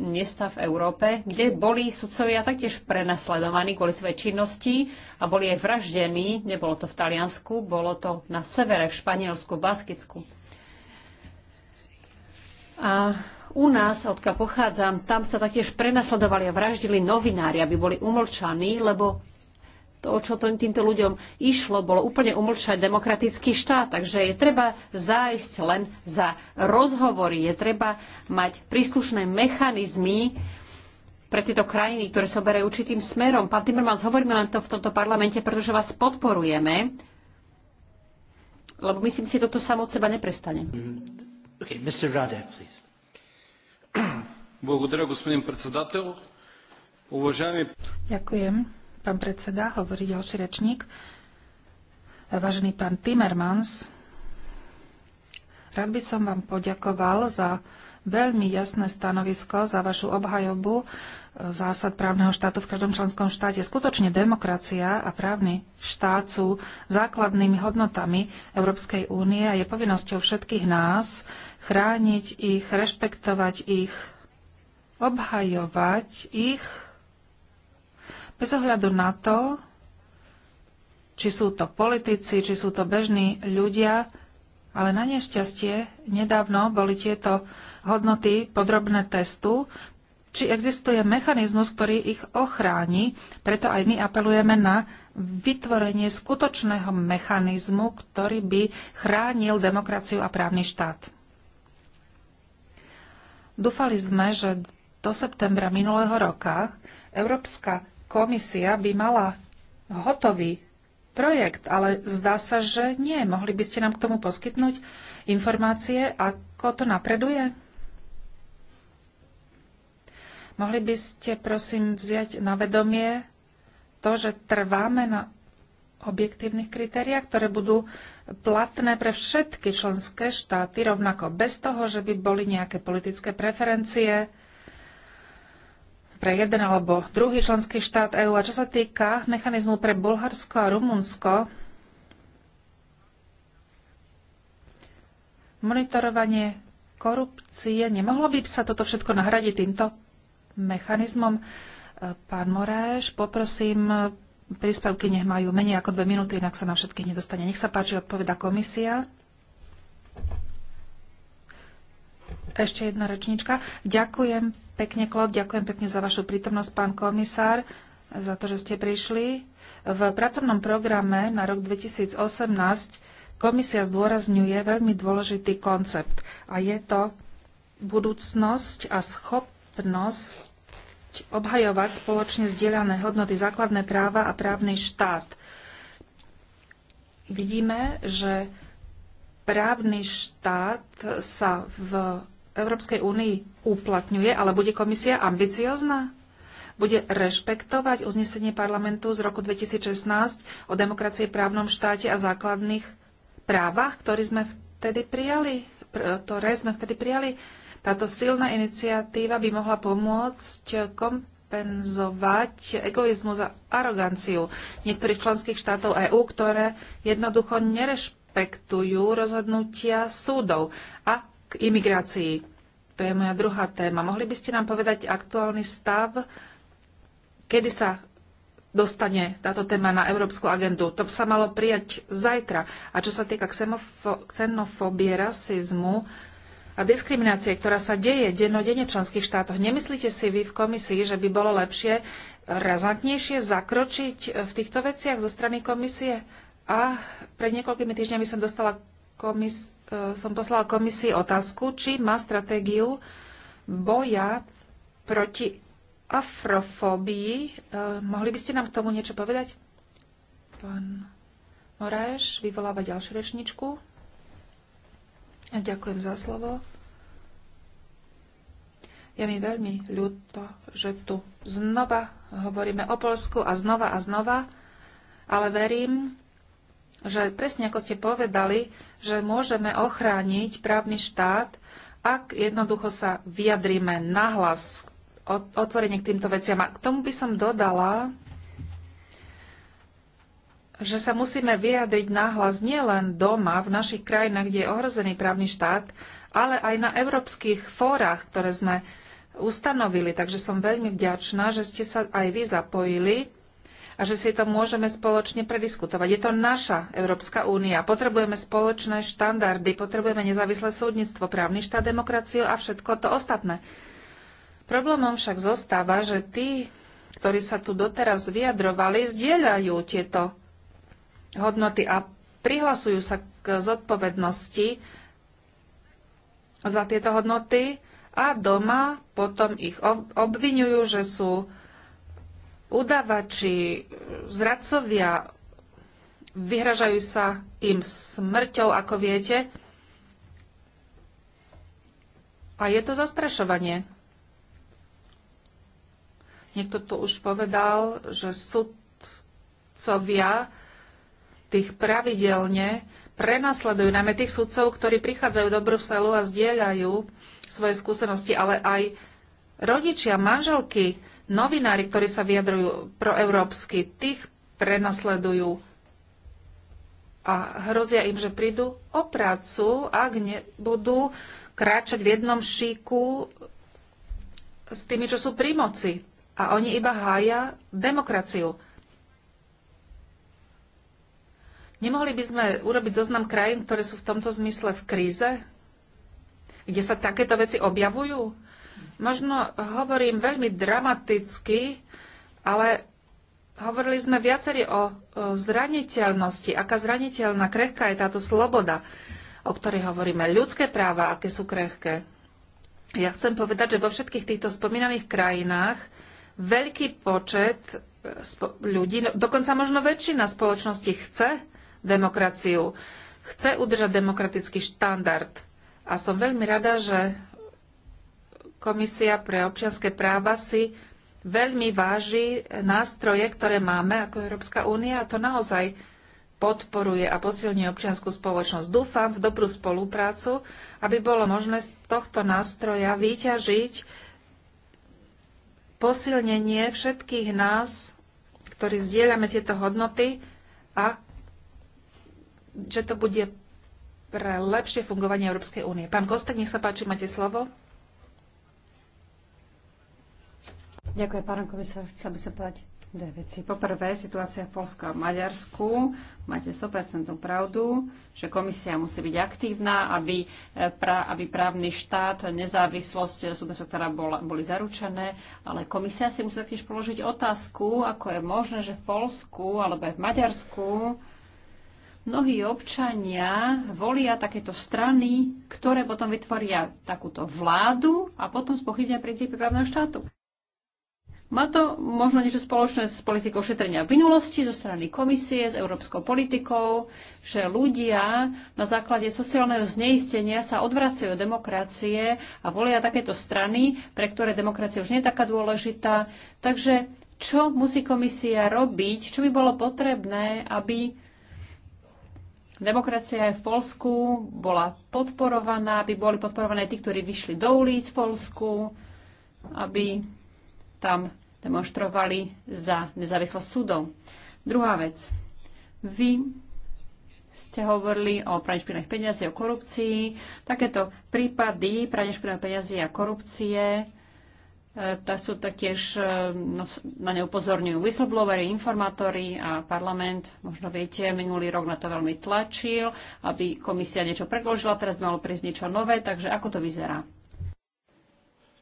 miesta v Európe, kde boli sudcovia taktiež prenasledovaní kvôli svojej činnosti a boli aj vraždení. Nebolo to v Taliansku, bolo to na severe, v Španielsku, v Baskicku. A u nás, odkiaľ pochádzam, tam sa taktiež prenasledovali a vraždili novinári, aby boli umlčaní, lebo to, o čo týmto ľuďom išlo, bolo úplne umlčať demokratický štát. Takže je treba zájsť len za rozhovory, je treba mať príslušné mechanizmy pre tieto krajiny, ktoré sa berajú určitým smerom. Pán Timmermans, hovoríme len to v tomto parlamente, pretože vás podporujeme, lebo myslím si, toto samo od seba neprestane. Mm, okay, Mr. Rade, please. Благодаря, господин председател. Уважаеми... Ďakujem, pán predseda, hovorí ďalší rečník. Vážený pán Timmermans, rád by som vám poďakoval za veľmi jasné stanovisko, za vašu obhajobu e, zásad právneho štátu v každom členskom štáte. Skutočne demokracia a právny štát sú základnými hodnotami Európskej únie a je povinnosťou všetkých nás chrániť ich, rešpektovať ich, obhajovať ich bez ohľadu na to, či sú to politici, či sú to bežní ľudia, ale na nešťastie nedávno boli tieto hodnoty podrobné testu, či existuje mechanizmus, ktorý ich ochráni. Preto aj my apelujeme na vytvorenie skutočného mechanizmu, ktorý by chránil demokraciu a právny štát. Dúfali sme, že do septembra minulého roka Európska komisia by mala hotový projekt, ale zdá sa, že nie. Mohli by ste nám k tomu poskytnúť informácie, ako to napreduje? Mohli by ste prosím vziať na vedomie to, že trváme na objektívnych kritériách, ktoré budú platné pre všetky členské štáty rovnako, bez toho, že by boli nejaké politické preferencie pre jeden alebo druhý členský štát EÚ. A čo sa týka mechanizmu pre Bulharsko a Rumunsko, monitorovanie korupcie, nemohlo by sa toto všetko nahradiť týmto mechanizmom? Pán Moráš, poprosím príspevky nech majú menej ako dve minúty, inak sa na všetky nedostane. Nech sa páči, odpoveda komisia. Ešte jedna rečnička. Ďakujem pekne, Klod, ďakujem pekne za vašu prítomnosť, pán komisár, za to, že ste prišli. V pracovnom programe na rok 2018 komisia zdôrazňuje veľmi dôležitý koncept a je to budúcnosť a schopnosť obhajovať spoločne zdieľané hodnoty, základné práva a právny štát. Vidíme, že právny štát sa v Európskej únii uplatňuje, ale bude komisia ambiciozná? Bude rešpektovať uznesenie parlamentu z roku 2016 o demokracii, právnom štáte a základných právach, ktoré sme vtedy prijali? Ktoré sme vtedy prijali? Táto silná iniciatíva by mohla pomôcť kompenzovať egoizmus a aroganciu niektorých členských štátov EÚ, ktoré jednoducho nerešpektujú rozhodnutia súdov a k imigrácii. To je moja druhá téma. Mohli by ste nám povedať aktuálny stav, kedy sa dostane táto téma na európsku agendu. To sa malo prijať zajtra. A čo sa týka xenofóbie, rasizmu, a diskriminácie, ktorá sa deje dennodenne v členských štátoch. Nemyslíte si vy v komisii, že by bolo lepšie razantnejšie zakročiť v týchto veciach zo strany komisie? A pred niekoľkými týždňami som, dostala komis, e, som poslala komisii otázku, či má stratégiu boja proti afrofóbii. E, mohli by ste nám k tomu niečo povedať? Pán Moraes vyvoláva ďalšiu rečničku. Ďakujem za slovo. Je mi veľmi ľúto, že tu znova hovoríme o Polsku a znova a znova, ale verím, že presne ako ste povedali, že môžeme ochrániť právny štát, ak jednoducho sa vyjadríme nahlas otvorenie k týmto veciam. A k tomu by som dodala, že sa musíme vyjadriť náhlas nielen doma, v našich krajinách, kde je ohrozený právny štát, ale aj na európskych fórach, ktoré sme ustanovili. Takže som veľmi vďačná, že ste sa aj vy zapojili a že si to môžeme spoločne prediskutovať. Je to naša Európska únia. Potrebujeme spoločné štandardy, potrebujeme nezávislé súdnictvo, právny štát, demokraciu a všetko to ostatné. Problémom však zostáva, že tí, ktorí sa tu doteraz vyjadrovali, zdieľajú tieto hodnoty a prihlasujú sa k zodpovednosti za tieto hodnoty a doma potom ich obvinujú, že sú udavači, zradcovia, vyhražajú sa im smrťou, ako viete. A je to zastrašovanie. Niekto tu už povedal, že sudcovia tých pravidelne prenasledujú, najmä tých sudcov, ktorí prichádzajú do Bruselu a zdieľajú svoje skúsenosti, ale aj rodičia, manželky, novinári, ktorí sa vyjadrujú proeurópsky, tých prenasledujú a hrozia im, že prídu o prácu, ak nebudú kráčať v jednom šíku s tými, čo sú pri moci. A oni iba hája demokraciu. Nemohli by sme urobiť zoznam krajín, ktoré sú v tomto zmysle v kríze? Kde sa takéto veci objavujú? Možno hovorím veľmi dramaticky, ale hovorili sme viacerí o, o zraniteľnosti, aká zraniteľná, krehká je táto sloboda, o ktorej hovoríme. Ľudské práva, aké sú krehké. Ja chcem povedať, že vo všetkých týchto spomínaných krajinách veľký počet e, ľudí, no, dokonca možno väčšina spoločnosti chce demokraciu. Chce udržať demokratický štandard. A som veľmi rada, že Komisia pre občianske práva si veľmi váži nástroje, ktoré máme ako Európska únia a to naozaj podporuje a posilňuje občianskú spoločnosť. Dúfam v dobrú spoluprácu, aby bolo možné z tohto nástroja vyťažiť posilnenie všetkých nás, ktorí zdieľame tieto hodnoty a že to bude pre lepšie fungovanie Európskej únie. Pán Kostek, nech sa páči, máte slovo. Ďakujem, pán komisár. Chcel by som povedať dve veci. Poprvé, situácia v Polsku a Maďarsku. Máte 100% pravdu, že komisia musí byť aktívna, aby, e, pra, aby právny štát, nezávislosť súdnictva, ktorá bol, boli zaručené, ale komisia si musí taktiež položiť otázku, ako je možné, že v Polsku alebo aj v Maďarsku mnohí občania volia takéto strany, ktoré potom vytvoria takúto vládu a potom spochybnia princípy právneho štátu. Má to možno niečo spoločné s politikou šetrenia v minulosti zo strany komisie, s európskou politikou, že ľudia na základe sociálneho zneistenia sa odvracajú od demokracie a volia takéto strany, pre ktoré demokracia už nie je taká dôležitá. Takže čo musí komisia robiť, čo by bolo potrebné, aby Demokracia aj v Polsku bola podporovaná, aby boli podporované tí, ktorí vyšli do ulic v Polsku, aby tam demonstrovali za nezávislosť súdov. Druhá vec. Vy ste hovorili o praní špinavých peniazí, o korupcii. Takéto prípady prania špinavých peniazí a korupcie tá sú taktiež, e, no, na ne upozorňujú whistleblowery, informátori a parlament, možno viete, minulý rok na to veľmi tlačil, aby komisia niečo predložila, teraz malo prísť niečo nové, takže ako to vyzerá?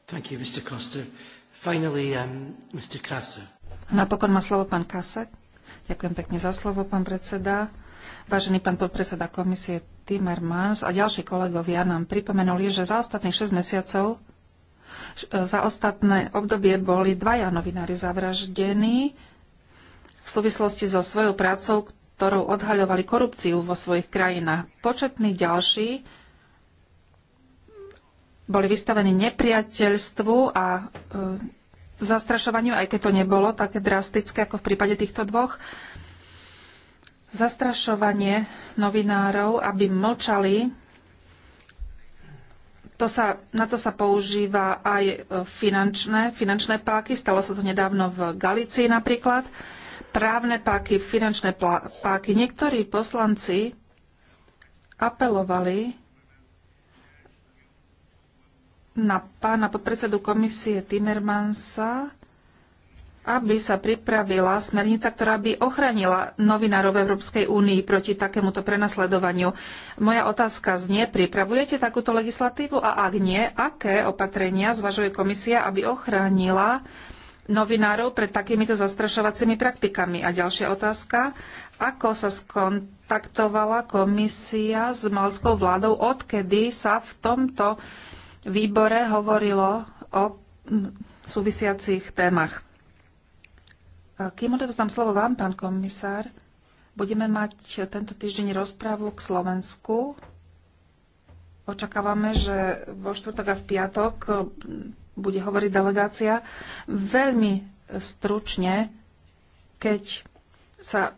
Thank you, Mr. Finally, um, Mr. Kasa. Napokon má slovo pán Kasa. Ďakujem pekne za slovo, pán predseda. Vážený pán podpredseda komisie Timmermans a ďalší kolegovia nám pripomenuli, že za ostatných 6 mesiacov za ostatné obdobie boli dvaja novinári zavraždení v súvislosti so svojou prácou, ktorou odhaľovali korupciu vo svojich krajinách. Početní ďalší boli vystavení nepriateľstvu a e, zastrašovaniu, aj keď to nebolo také drastické ako v prípade týchto dvoch. Zastrašovanie novinárov, aby mlčali to sa, na to sa používa aj e, finančné, finančné páky. Stalo sa to nedávno v Galícii napríklad. Právne páky, finančné páky. Niektorí poslanci apelovali na pána podpredsedu komisie Timmermansa, aby sa pripravila smernica, ktorá by ochránila novinárov v Európskej únii proti takémuto prenasledovaniu. Moja otázka znie, pripravujete takúto legislatívu a ak nie, aké opatrenia zvažuje komisia, aby ochránila novinárov pred takýmito zastrašovacími praktikami? A ďalšia otázka, ako sa skontaktovala komisia s malskou vládou, odkedy sa v tomto výbore hovorilo o súvisiacich témach? Kým odovzdám slovo vám, pán komisár, budeme mať tento týždeň rozprávu k Slovensku. Očakávame, že vo štvrtok a v piatok bude hovoriť delegácia. Veľmi stručne, keď, sa,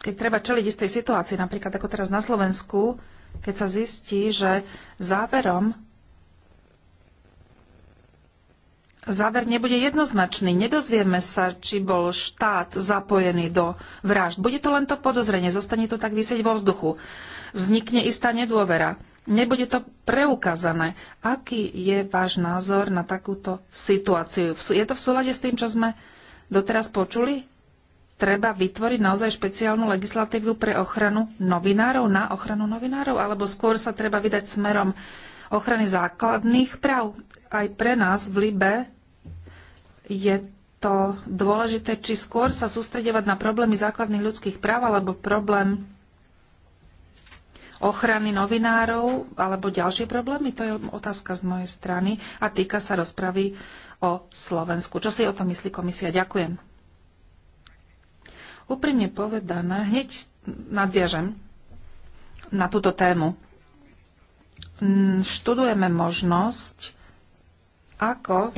keď treba čeliť istej situácii, napríklad ako teraz na Slovensku, keď sa zistí, že záverom záver nebude jednoznačný. Nedozvieme sa, či bol štát zapojený do vražd. Bude to len to podozrenie, zostane to tak vysieť vo vzduchu. Vznikne istá nedôvera. Nebude to preukázané. Aký je váš názor na takúto situáciu? Je to v súlade s tým, čo sme doteraz počuli? Treba vytvoriť naozaj špeciálnu legislatívu pre ochranu novinárov, na ochranu novinárov, alebo skôr sa treba vydať smerom ochrany základných práv. Aj pre nás v Libe je to dôležité, či skôr sa sústredovať na problémy základných ľudských práv alebo problém ochrany novinárov alebo ďalšie problémy? To je otázka z mojej strany a týka sa rozpravy o Slovensku. Čo si o tom myslí komisia? Ďakujem. Úprimne povedané, hneď nadviažem na túto tému. Mm, študujeme možnosť, ako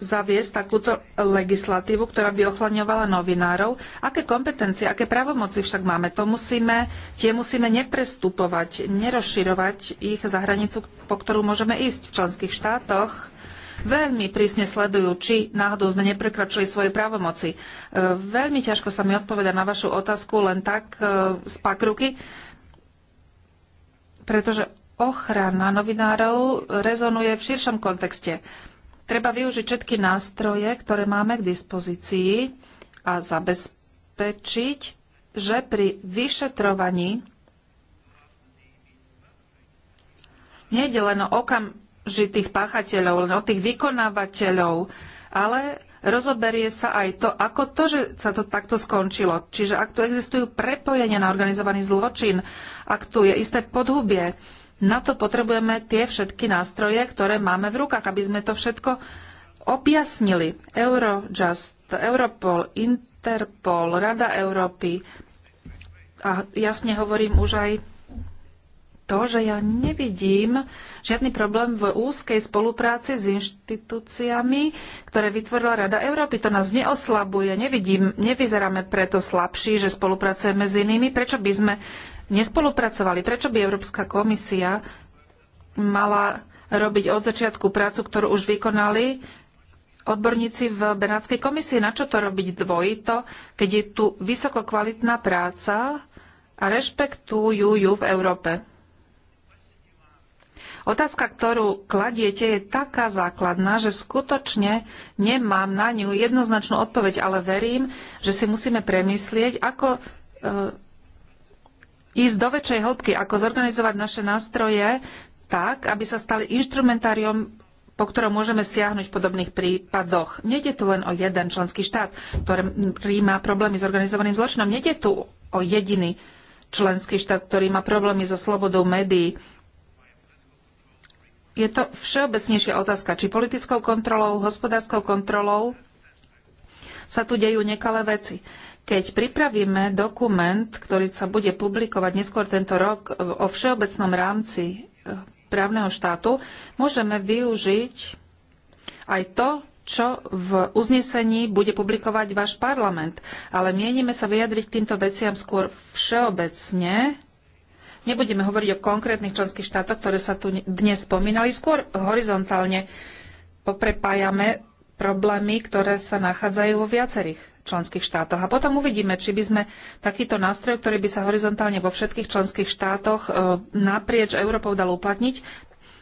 zaviesť takúto legislatívu, ktorá by ochlaňovala novinárov. Aké kompetencie, aké právomoci však máme? To musíme, tie musíme neprestupovať, nerozširovať ich za hranicu, po ktorú môžeme ísť v členských štátoch. Veľmi prísne sledujú, či náhodou sme neprekročili svoje právomoci. E, veľmi ťažko sa mi odpoveda na vašu otázku len tak e, z pakruky pretože ochrana novinárov rezonuje v širšom kontexte. Treba využiť všetky nástroje, ktoré máme k dispozícii a zabezpečiť, že pri vyšetrovaní nejde len o okamžitých páchateľov, len o tých vykonávateľov, ale rozoberie sa aj to, ako to, že sa to takto skončilo. Čiže ak tu existujú prepojenia na organizovaný zločin, ak tu je isté podhubie, na to potrebujeme tie všetky nástroje, ktoré máme v rukách, aby sme to všetko objasnili. Eurojust, Europol, Interpol, Rada Európy. A jasne hovorím už aj to, že ja nevidím žiadny problém v úzkej spolupráci s inštitúciami, ktoré vytvorila Rada Európy. To nás neoslabuje, nevidím, nevyzeráme preto slabší, že spolupracujeme s inými. Prečo by sme nespolupracovali? Prečo by Európska komisia mala robiť od začiatku prácu, ktorú už vykonali odborníci v Benátskej komisii? Na čo to robiť dvojito, keď je tu vysokokvalitná práca a rešpektujú ju v Európe? Otázka, ktorú kladiete, je taká základná, že skutočne nemám na ňu jednoznačnú odpoveď, ale verím, že si musíme premyslieť, ako e, ísť do väčšej hĺbky, ako zorganizovať naše nástroje tak, aby sa stali instrumentáriom po ktorom môžeme siahnuť v podobných prípadoch. Nede tu len o jeden členský štát, ktorý má problémy s organizovaným zločinom. Nede tu o jediný členský štát, ktorý má problémy so slobodou médií je to všeobecnejšia otázka, či politickou kontrolou, hospodárskou kontrolou sa tu dejú nekalé veci. Keď pripravíme dokument, ktorý sa bude publikovať neskôr tento rok o všeobecnom rámci e, právneho štátu, môžeme využiť aj to, čo v uznesení bude publikovať váš parlament. Ale mienime sa vyjadriť k týmto veciam skôr všeobecne, Nebudeme hovoriť o konkrétnych členských štátoch, ktoré sa tu dnes spomínali. Skôr horizontálne poprepájame problémy, ktoré sa nachádzajú vo viacerých členských štátoch. A potom uvidíme, či by sme takýto nástroj, ktorý by sa horizontálne vo všetkých členských štátoch e, naprieč Európou dal uplatniť,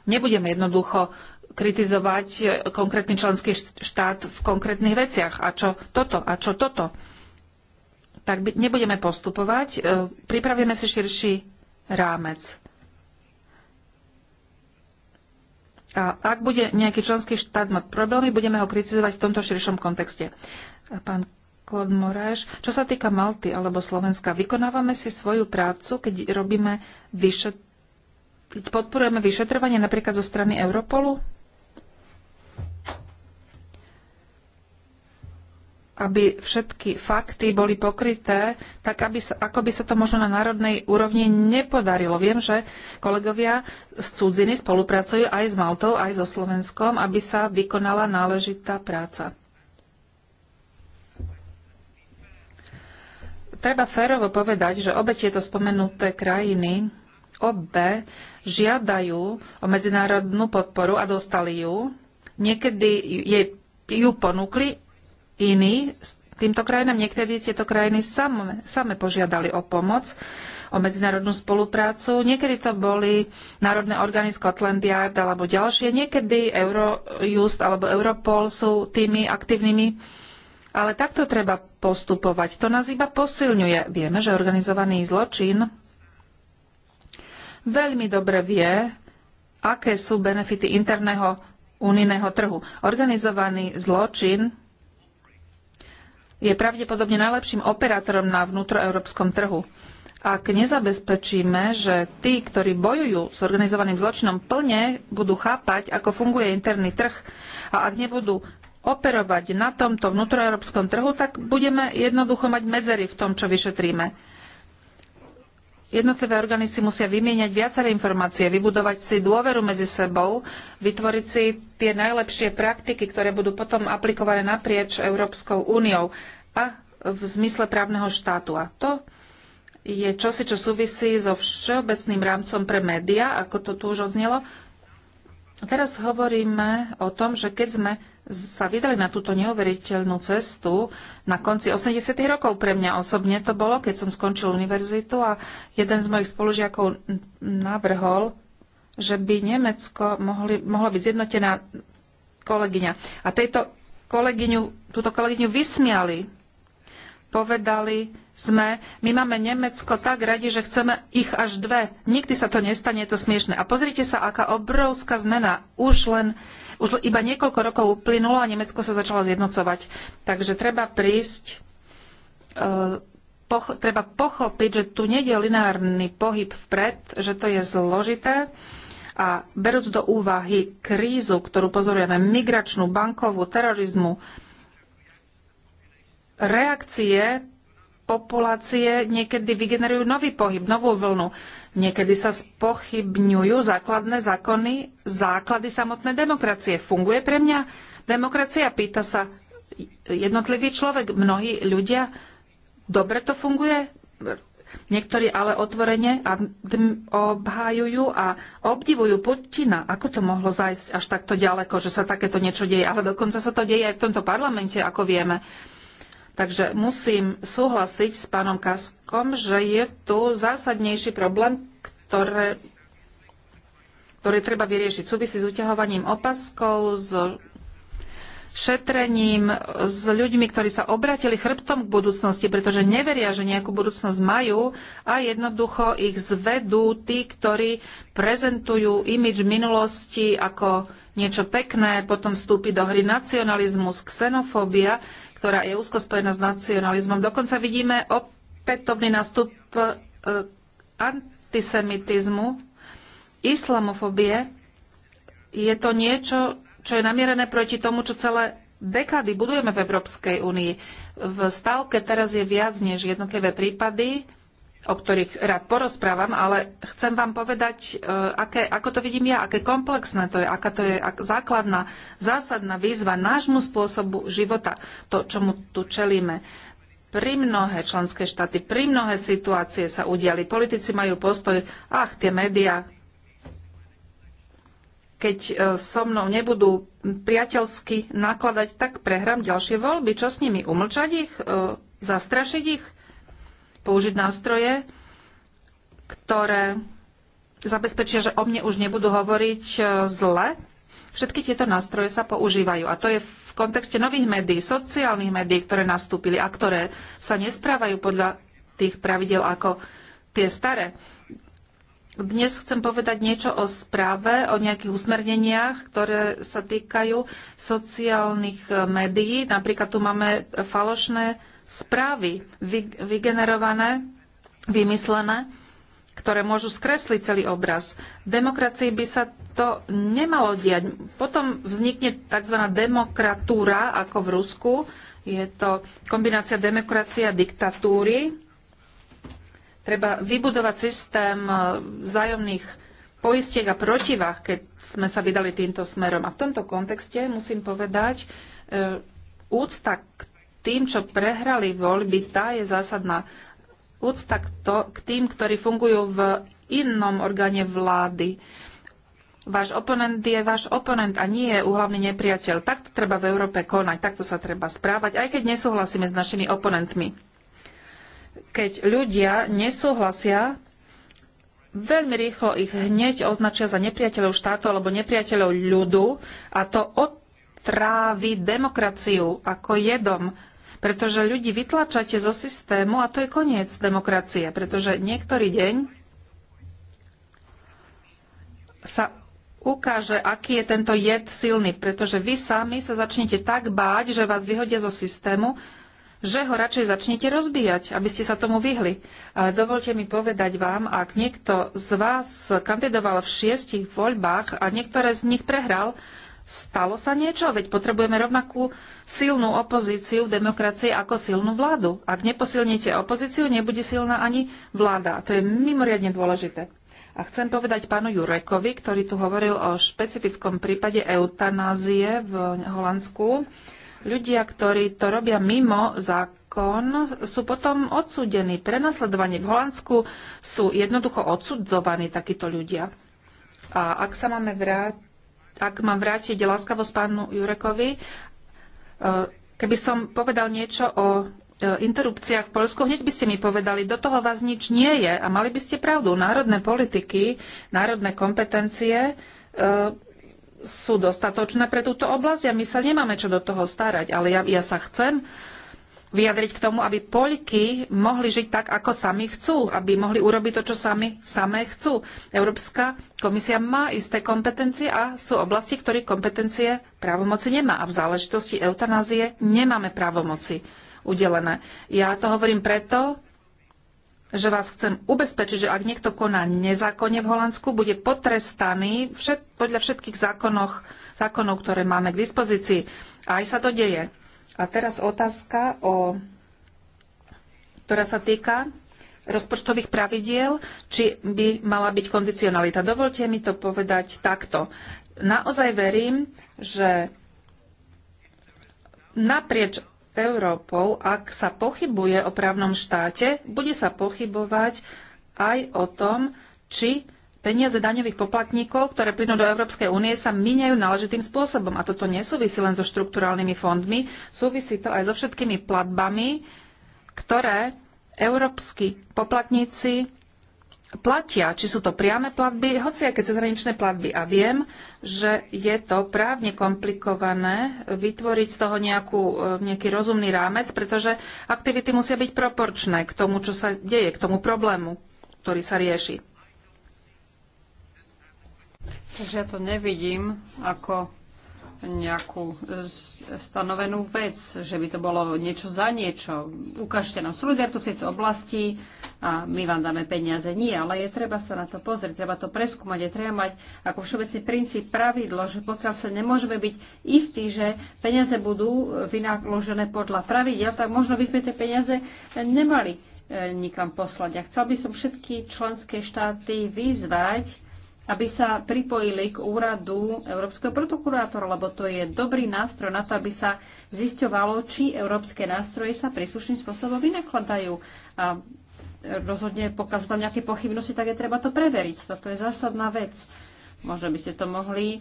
nebudeme jednoducho kritizovať e, konkrétny členský štát v konkrétnych veciach. A čo toto? A čo toto? Tak nebudeme postupovať. E, pripravíme si širší rámec. A ak bude nejaký členský štát mať problémy, budeme ho kritizovať v tomto širšom kontexte. Pán Klod Moraes, čo sa týka Malty alebo Slovenska, vykonávame si svoju prácu, keď robíme vyšet... podporujeme vyšetrovanie napríklad zo strany Europolu? aby všetky fakty boli pokryté, tak aby sa, ako by sa to možno na národnej úrovni nepodarilo. Viem, že kolegovia z cudziny spolupracujú aj s Maltou, aj so Slovenskom, aby sa vykonala náležitá práca. Treba férovo povedať, že obe tieto spomenuté krajiny obe žiadajú o medzinárodnú podporu a dostali ju. Niekedy jej ju ponúkli, iní týmto krajinám. niekedy tieto krajiny same, same požiadali o pomoc, o medzinárodnú spoluprácu. Niekedy to boli národné orgány Scotland Yard alebo ďalšie. Niekedy Eurojust alebo Europol sú tými aktívnymi. Ale takto treba postupovať. To nás iba posilňuje. Vieme, že organizovaný zločin veľmi dobre vie, aké sú benefity interného unijného trhu. Organizovaný zločin je pravdepodobne najlepším operátorom na vnútroeurópskom trhu. Ak nezabezpečíme, že tí, ktorí bojujú s organizovaným zločinom, plne budú chápať, ako funguje interný trh a ak nebudú operovať na tomto vnútroeurópskom trhu, tak budeme jednoducho mať medzery v tom, čo vyšetríme. Jednotlivé orgány si musia vymieňať viaceré informácie, vybudovať si dôveru medzi sebou, vytvoriť si tie najlepšie praktiky, ktoré budú potom aplikované naprieč Európskou úniou a v zmysle právneho štátu. A to je čosi, čo súvisí so všeobecným rámcom pre médiá, ako to tu už odznelo. Teraz hovoríme o tom, že keď sme sa vydali na túto neuveriteľnú cestu na konci 80. rokov pre mňa osobne to bolo, keď som skončil univerzitu a jeden z mojich spolužiakov navrhol, že by Nemecko mohli, mohla byť zjednotená kolegyňa. A tejto kolegyňu, túto kolegyňu vysmiali. Povedali sme, my máme Nemecko tak radi, že chceme ich až dve. Nikdy sa to nestane, je to smiešne. A pozrite sa, aká obrovská zmena. Už len už iba niekoľko rokov uplynulo a Nemecko sa začalo zjednocovať. Takže treba prísť, eh, treba pochopiť, že tu nejde o lineárny pohyb vpred, že to je zložité a berúc do úvahy krízu, ktorú pozorujeme, migračnú, bankovú, terorizmu, reakcie populácie niekedy vygenerujú nový pohyb, novú vlnu. Niekedy sa spochybňujú základné zákony, základy samotné demokracie. Funguje pre mňa demokracia? Pýta sa jednotlivý človek. Mnohí ľudia, dobre to funguje? Niektorí ale otvorene obhájujú a obdivujú Putina. Ako to mohlo zajsť až takto ďaleko, že sa takéto niečo deje? Ale dokonca sa to deje aj v tomto parlamente, ako vieme. Takže musím súhlasiť s pánom Kaskom, že je tu zásadnejší problém, ktoré, ktorý treba vyriešiť. Súvisí s uťahovaním opaskov, s šetrením, s ľuďmi, ktorí sa obratili chrbtom k budúcnosti, pretože neveria, že nejakú budúcnosť majú a jednoducho ich zvedú tí, ktorí prezentujú imič minulosti ako niečo pekné, potom vstúpi do hry nacionalizmus, xenofóbia ktorá je úzko spojená s nacionalizmom. Dokonca vidíme opätovný nástup eh, antisemitizmu, islamofobie. Je to niečo, čo je namierené proti tomu, čo celé dekády budujeme v Európskej únii. V stavke teraz je viac než jednotlivé prípady o ktorých rád porozprávam, ale chcem vám povedať, e, aké, ako to vidím ja, aké komplexné to je, aká to je ak základná, zásadná výzva nášmu spôsobu života, to, čomu tu čelíme. Pri mnohé členské štáty, pri mnohé situácie sa udiali. Politici majú postoj, ach, tie médiá, keď e, so mnou nebudú priateľsky nakladať, tak prehrám ďalšie voľby. Čo s nimi? Umlčať ich? E, zastrašiť ich? použiť nástroje, ktoré zabezpečia, že o mne už nebudú hovoriť e, zle. Všetky tieto nástroje sa používajú. A to je v kontexte nových médií, sociálnych médií, ktoré nastúpili a ktoré sa nesprávajú podľa tých pravidel ako tie staré. Dnes chcem povedať niečo o správe, o nejakých usmerneniach, ktoré sa týkajú sociálnych e, médií. Napríklad tu máme falošné správy vygenerované, vymyslené, ktoré môžu skresliť celý obraz. V demokracii by sa to nemalo diať. Potom vznikne tzv. demokratúra, ako v Rusku. Je to kombinácia demokracie a diktatúry. Treba vybudovať systém e, vzájomných poistiek a protivách, keď sme sa vydali týmto smerom. A v tomto kontexte musím povedať, e, úcta k tým, čo prehrali voľby, tá je zásadná. Úcta k, to, k tým, ktorí fungujú v inom orgáne vlády. Váš oponent je váš oponent a nie je úhlavný nepriateľ. Takto treba v Európe konať, takto sa treba správať, aj keď nesúhlasíme s našimi oponentmi. Keď ľudia nesúhlasia, veľmi rýchlo ich hneď označia za nepriateľov štátu alebo nepriateľov ľudu a to otrávi demokraciu ako jedom pretože ľudí vytlačate zo systému a to je koniec demokracie, pretože niektorý deň sa ukáže, aký je tento jed silný, pretože vy sami sa začnete tak báť, že vás vyhodia zo systému, že ho radšej začnete rozbíjať, aby ste sa tomu vyhli. Ale dovolte mi povedať vám, ak niekto z vás kandidoval v šiestich voľbách a niektoré z nich prehral, Stalo sa niečo? Veď potrebujeme rovnakú silnú opozíciu v demokracii ako silnú vládu. Ak neposilníte opozíciu, nebude silná ani vláda. To je mimoriadne dôležité. A chcem povedať pánu Jurekovi, ktorý tu hovoril o špecifickom prípade eutanázie v Holandsku. Ľudia, ktorí to robia mimo zákon, sú potom odsúdení. Prenasledovanie v Holandsku sú jednoducho odsudzovaní takíto ľudia. A ak sa máme vrátiť ak mám vrátiť láskavosť pánu Jurekovi, e, keby som povedal niečo o e, interrupciách v Polsku, hneď by ste mi povedali, do toho vás nič nie je a mali by ste pravdu. Národné politiky, národné kompetencie e, sú dostatočné pre túto oblasť a my sa nemáme čo do toho starať, ale ja, ja sa chcem vyjadriť k tomu, aby Poľky mohli žiť tak, ako sami chcú, aby mohli urobiť to, čo sami samé chcú. Európska komisia má isté kompetencie a sú oblasti, ktorých kompetencie právomoci nemá. A v záležitosti eutanázie nemáme právomoci udelené. Ja to hovorím preto, že vás chcem ubezpečiť, že ak niekto koná nezákonne v Holandsku, bude potrestaný všet, podľa všetkých zákonoch, zákonov, ktoré máme k dispozícii. A aj sa to deje. A teraz otázka, o, ktorá sa týka rozpočtových pravidiel, či by mala byť kondicionalita. Dovolte mi to povedať takto. Naozaj verím, že naprieč Európou, ak sa pochybuje o právnom štáte, bude sa pochybovať aj o tom, či peniaze daňových poplatníkov, ktoré plynú do Európskej únie, sa míňajú náležitým spôsobom. A toto nesúvisí len so štrukturálnymi fondmi, súvisí to aj so všetkými platbami, ktoré európsky poplatníci platia, či sú to priame platby, hoci aj keď cezhraničné platby. A viem, že je to právne komplikované vytvoriť z toho nejakú, e, nejaký rozumný rámec, pretože aktivity musia byť proporčné k tomu, čo sa deje, k tomu problému, ktorý sa rieši. Takže ja to nevidím ako nejakú stanovenú vec, že by to bolo niečo za niečo. Ukážte nám solidaritu v tejto oblasti a my vám dáme peniaze. Nie, ale je treba sa na to pozrieť, treba to preskúmať, je treba mať ako všeobecný princíp pravidlo, že pokiaľ sa nemôžeme byť istí, že peniaze budú e, vynaložené podľa pravidel, tak možno by sme tie peniaze nemali e, nikam poslať. A chcel by som všetky členské štáty vyzvať, aby sa pripojili k úradu Európskeho protokurátora, lebo to je dobrý nástroj na to, aby sa zisťovalo, či európske nástroje sa príslušným spôsobom vynakladajú. A rozhodne, pokiaľ sú tam nejaké pochybnosti, tak je treba to preveriť. Toto je zásadná vec. Možno by ste to mohli e,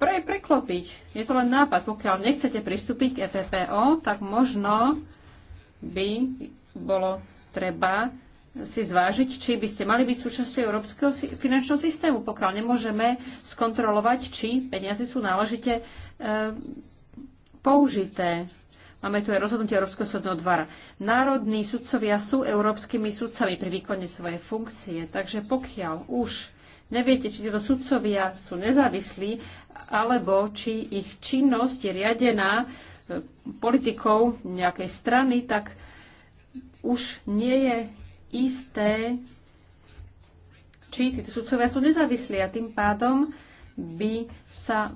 pre, preklopiť. Je to len nápad. Pokiaľ nechcete pristúpiť k EPPO, tak možno by bolo treba si zvážiť, či by ste mali byť súčasťou európskeho finančného systému, pokiaľ nemôžeme skontrolovať, či peniaze sú náležite e, použité. Máme tu aj rozhodnutie Európskeho súdneho dvara. Národní sudcovia sú európskymi sudcami pri výkone svojej funkcie, takže pokiaľ už neviete, či tieto sudcovia sú nezávislí, alebo či ich činnosť je riadená e, politikou nejakej strany, tak už nie je isté, či títo sudcovia sú nezávislí a tým pádom by sa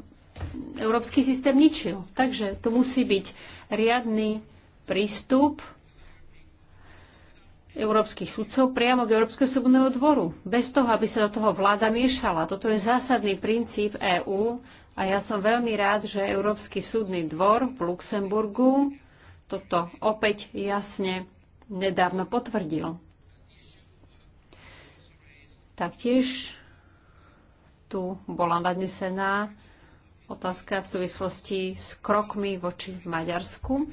európsky systém ničil. Takže tu musí byť riadny prístup európskych sudcov priamo k Európskeho súdneho dvoru, bez toho, aby sa do toho vláda miešala. Toto je zásadný princíp EÚ a ja som veľmi rád, že Európsky súdny dvor v Luxemburgu toto opäť jasne nedávno potvrdil. Taktiež tu bola nadnesená otázka v súvislosti s krokmi voči Maďarsku.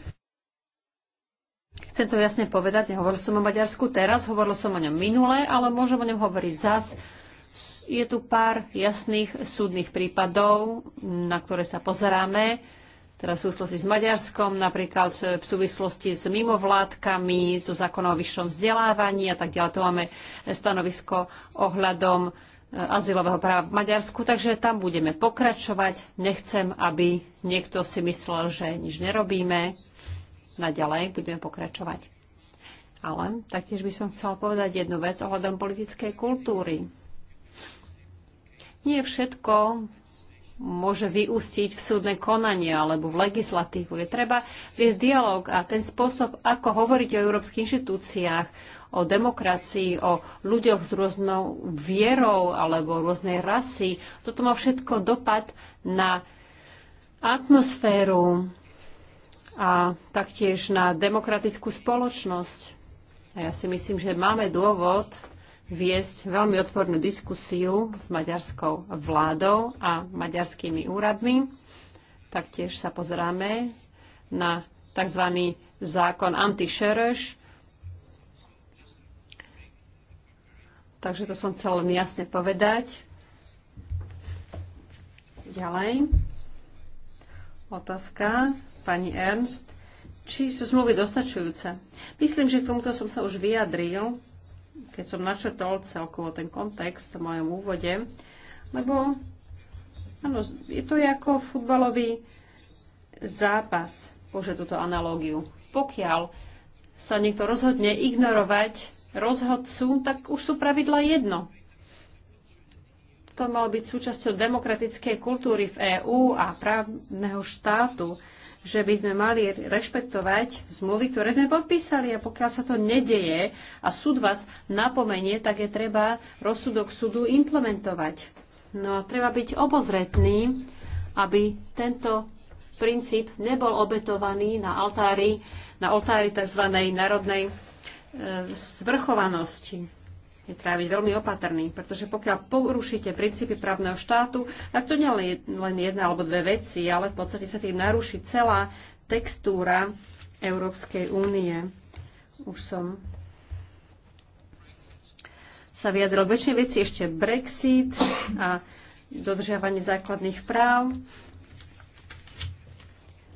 Chcem to jasne povedať, nehovoril som o Maďarsku teraz, hovoril som o ňom minule, ale môžem o ňom hovoriť zas. Je tu pár jasných súdnych prípadov, na ktoré sa pozeráme teda v súvislosti s Maďarskom, napríklad e, v súvislosti s mimovládkami, so zákonom o vyššom vzdelávaní a tak ďalej. Tu máme stanovisko ohľadom e, azylového práva v Maďarsku, takže tam budeme pokračovať. Nechcem, aby niekto si myslel, že nič nerobíme. Naďalej budeme pokračovať. Ale taktiež by som chcela povedať jednu vec ohľadom politickej kultúry. Nie všetko môže vyústiť v súdne konanie alebo v legislatívu. Je treba viesť dialog a ten spôsob, ako hovoriť o európskych inštitúciách, o demokracii, o ľuďoch s rôznou vierou alebo rôznej rasy, toto má všetko dopad na atmosféru a taktiež na demokratickú spoločnosť. A ja si myslím, že máme dôvod viesť veľmi otvornú diskusiu s maďarskou vládou a maďarskými úradmi. Taktiež sa pozeráme na tzv. zákon -šereš. Takže to som chcel jasne povedať. Ďalej. Otázka pani Ernst. Či sú zmluvy dostačujúce? Myslím, že k tomuto som sa už vyjadril keď som načrtol celkovo ten kontext v mojom úvode, lebo áno, je to ako futbalový zápas, použiť túto analógiu. Pokiaľ sa niekto rozhodne ignorovať rozhodcu, tak už sú pravidla jedno to mal byť súčasťou demokratickej kultúry v EÚ a právneho štátu, že by sme mali rešpektovať zmluvy, ktoré sme podpísali. A pokiaľ sa to nedeje a súd vás napomenie, tak je treba rozsudok súdu implementovať. No a treba byť obozretný, aby tento princíp nebol obetovaný na altári, na altári tzv. národnej e, zvrchovanosti je treba byť veľmi opatrný, pretože pokiaľ porušíte princípy právneho štátu, tak to nie je len jedna alebo dve veci, ale v podstate sa tým naruší celá textúra Európskej únie. Už som sa vyjadril väčšie väčšine veci ešte Brexit a dodržiavanie základných práv.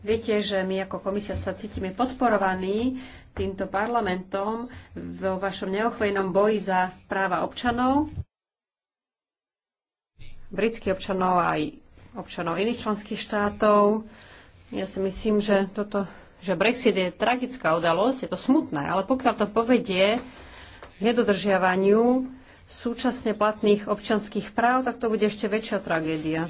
Viete, že my ako komisia sa cítime podporovaní týmto parlamentom vo vašom neochvejnom boji za práva občanov, britských občanov a aj občanov iných členských štátov. Ja si myslím, že, toto, že Brexit je tragická udalosť, je to smutné, ale pokiaľ to povedie k nedodržiavaniu súčasne platných občanských práv, tak to bude ešte väčšia tragédia.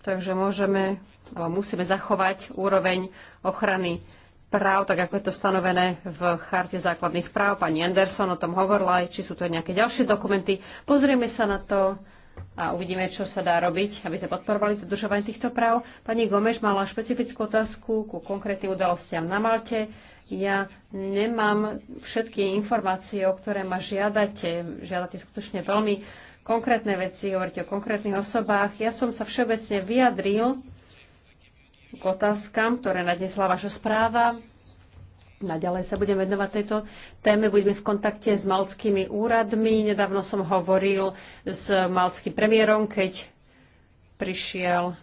Takže môžeme, alebo musíme zachovať úroveň ochrany práv, tak ako je to stanovené v charte základných práv. Pani Anderson o tom hovorila, či sú to nejaké ďalšie dokumenty. Pozrieme sa na to a uvidíme, čo sa dá robiť, aby sme podporovali dodržovanie týchto práv. Pani Gomeš mala špecifickú otázku ku konkrétnym udalostiam na Malte. Ja nemám všetky informácie, o ktoré ma žiadate. Žiadate skutočne veľmi konkrétne veci, hovoríte o konkrétnych osobách. Ja som sa všeobecne vyjadril k otázkam, ktoré nadnesla vaša správa. Naďalej sa budem venovať tejto téme. Budeme v kontakte s malckými úradmi. Nedávno som hovoril s malckým premiérom, keď prišiel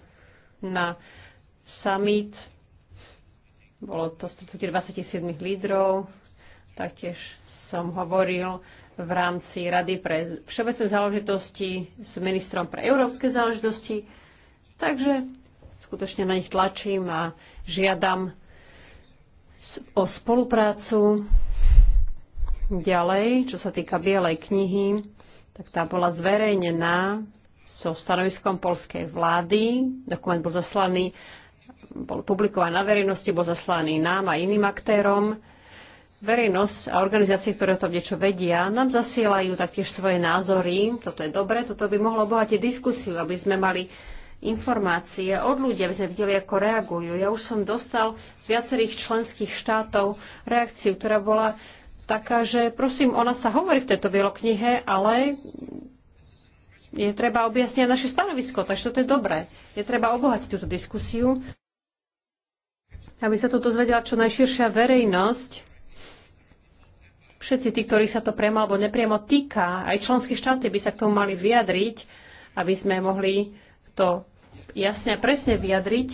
na summit. Bolo to stretnutie 27 lídrov. Taktiež som hovoril v rámci Rady pre všeobecné záležitosti s ministrom pre európske záležitosti. Takže skutočne na nich tlačím a žiadam o spoluprácu. Ďalej, čo sa týka Bielej knihy, tak tá bola zverejnená so stanoviskom polskej vlády. Dokument bol zaslaný, bol publikovaný na verejnosti, bol zaslaný nám a iným aktérom. Verejnosť a organizácie, ktoré o tom niečo vedia, nám zasielajú taktiež svoje názory. Toto je dobre, toto by mohlo obohatiť diskusiu, aby sme mali informácie od ľudí, aby sme videli, ako reagujú. Ja už som dostal z viacerých členských štátov reakciu, ktorá bola taká, že prosím, ona sa hovorí v tejto bieloknihe, ale je treba objasniť naše stanovisko, takže toto je dobré. Je treba obohatiť túto diskusiu, aby sa to dozvedela čo najširšia verejnosť. Všetci tí, ktorí sa to priamo alebo nepriamo týka, aj členské štáty by sa k tomu mali vyjadriť, aby sme mohli to jasne a presne vyjadriť.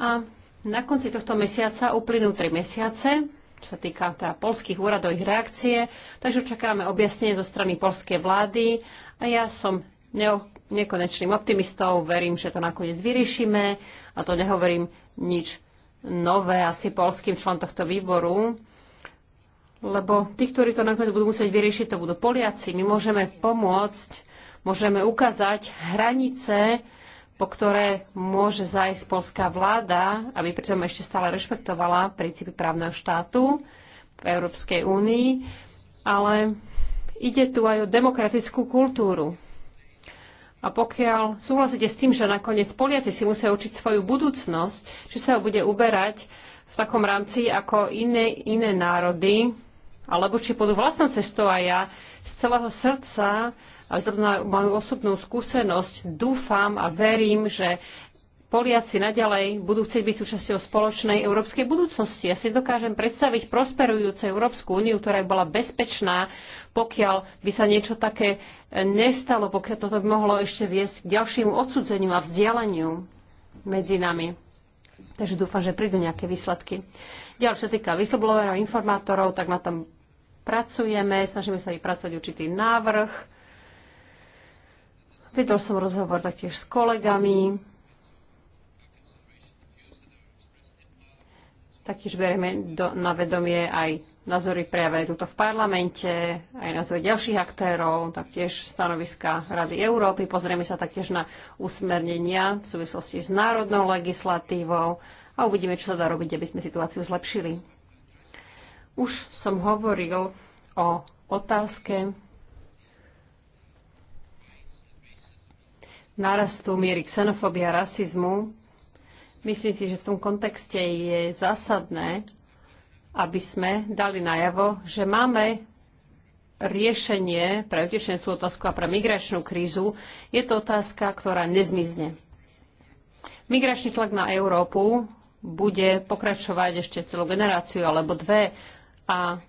A na konci tohto mesiaca uplynú tri mesiace, čo sa týka teda polských úradov ich reakcie, takže čakáme objasnenie zo strany polskej vlády a ja som neo, nekonečným optimistou, verím, že to nakoniec vyriešime a to nehovorím nič nové asi polským člen tohto výboru, lebo tí, ktorí to nakoniec budú musieť vyriešiť, to budú Poliaci. My môžeme pomôcť, môžeme ukázať hranice, po ktoré môže zajsť polská vláda, aby pritom ešte stále rešpektovala princípy právneho štátu v Európskej únii, ale ide tu aj o demokratickú kultúru. A pokiaľ súhlasíte s tým, že nakoniec Poliaci si musia učiť svoju budúcnosť, či sa ho bude uberať v takom rámci ako iné, iné národy, alebo či pôjdu vlastnou cestou a ja z celého srdca a zrovna moju osobnú skúsenosť dúfam a verím, že Poliaci naďalej budú chcieť byť súčasťou spoločnej európskej budúcnosti. Ja si dokážem predstaviť prosperujúcu Európsku úniu, ktorá by bola bezpečná, pokiaľ by sa niečo také nestalo, pokiaľ toto by mohlo ešte viesť k ďalšiemu odsudzeniu a vzdialeniu medzi nami. Takže dúfam, že prídu nejaké výsledky. Ďalšie týka whistleblowerov, informátorov, tak na tom pracujeme, snažíme sa vypracovať určitý návrh Vedol som rozhovor taktiež s kolegami. Taktiež berieme do, na vedomie aj názory prejavené tuto v parlamente, aj názory ďalších aktérov, taktiež stanoviska Rady Európy. Pozrieme sa taktiež na usmernenia v súvislosti s národnou legislatívou a uvidíme, čo sa dá robiť, aby sme situáciu zlepšili. Už som hovoril o otázke nárastu miery xenofóbie a rasizmu. Myslím si, že v tom kontexte je zásadné, aby sme dali najavo, že máme riešenie pre utečenú otázku a pre migračnú krízu. Je to otázka, ktorá nezmizne. Migračný tlak na Európu bude pokračovať ešte celú generáciu alebo dve a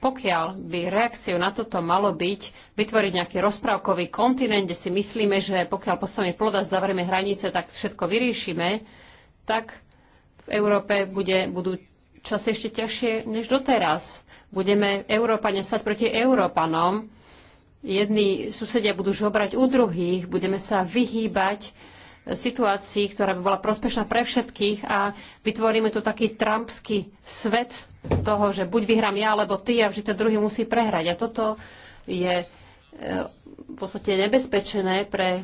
pokiaľ by reakciou na toto malo byť vytvoriť nejaký rozprávkový kontinent, kde si myslíme, že pokiaľ postavíme plod a zavrieme hranice, tak všetko vyriešime, tak v Európe bude, budú čas ešte ťažšie než doteraz. Budeme Európane stať proti Európanom, jedni susedia budú žobrať u druhých, budeme sa vyhýbať situácii, ktorá by bola prospešná pre všetkých a vytvoríme tu taký trumpský svet toho, že buď vyhrám ja, alebo ty a vždy ten druhý musí prehrať. A toto je e, v podstate nebezpečené pre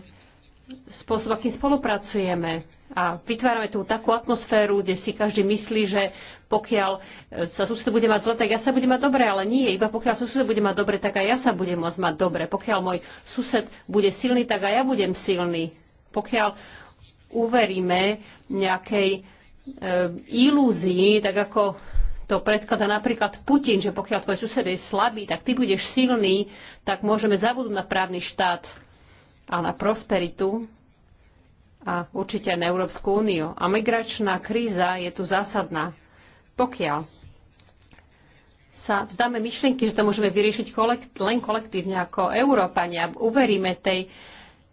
spôsob, akým spolupracujeme. A vytvárame tu takú atmosféru, kde si každý myslí, že pokiaľ e, sa sused bude mať zle, tak ja sa budem mať dobre, ale nie, iba pokiaľ sa sused bude mať dobre, tak aj ja sa budem môcť mať dobre. Pokiaľ môj sused bude silný, tak aj ja budem silný pokiaľ uveríme nejakej e, ilúzii, tak ako to predkladá napríklad Putin, že pokiaľ tvoj sused je slabý, tak ty budeš silný, tak môžeme zabudnúť na právny štát a na prosperitu a určite aj na Európsku úniu. A migračná kríza je tu zásadná. Pokiaľ sa vzdáme myšlienky, že to môžeme vyriešiť kolekt- len kolektívne ako Európania, uveríme tej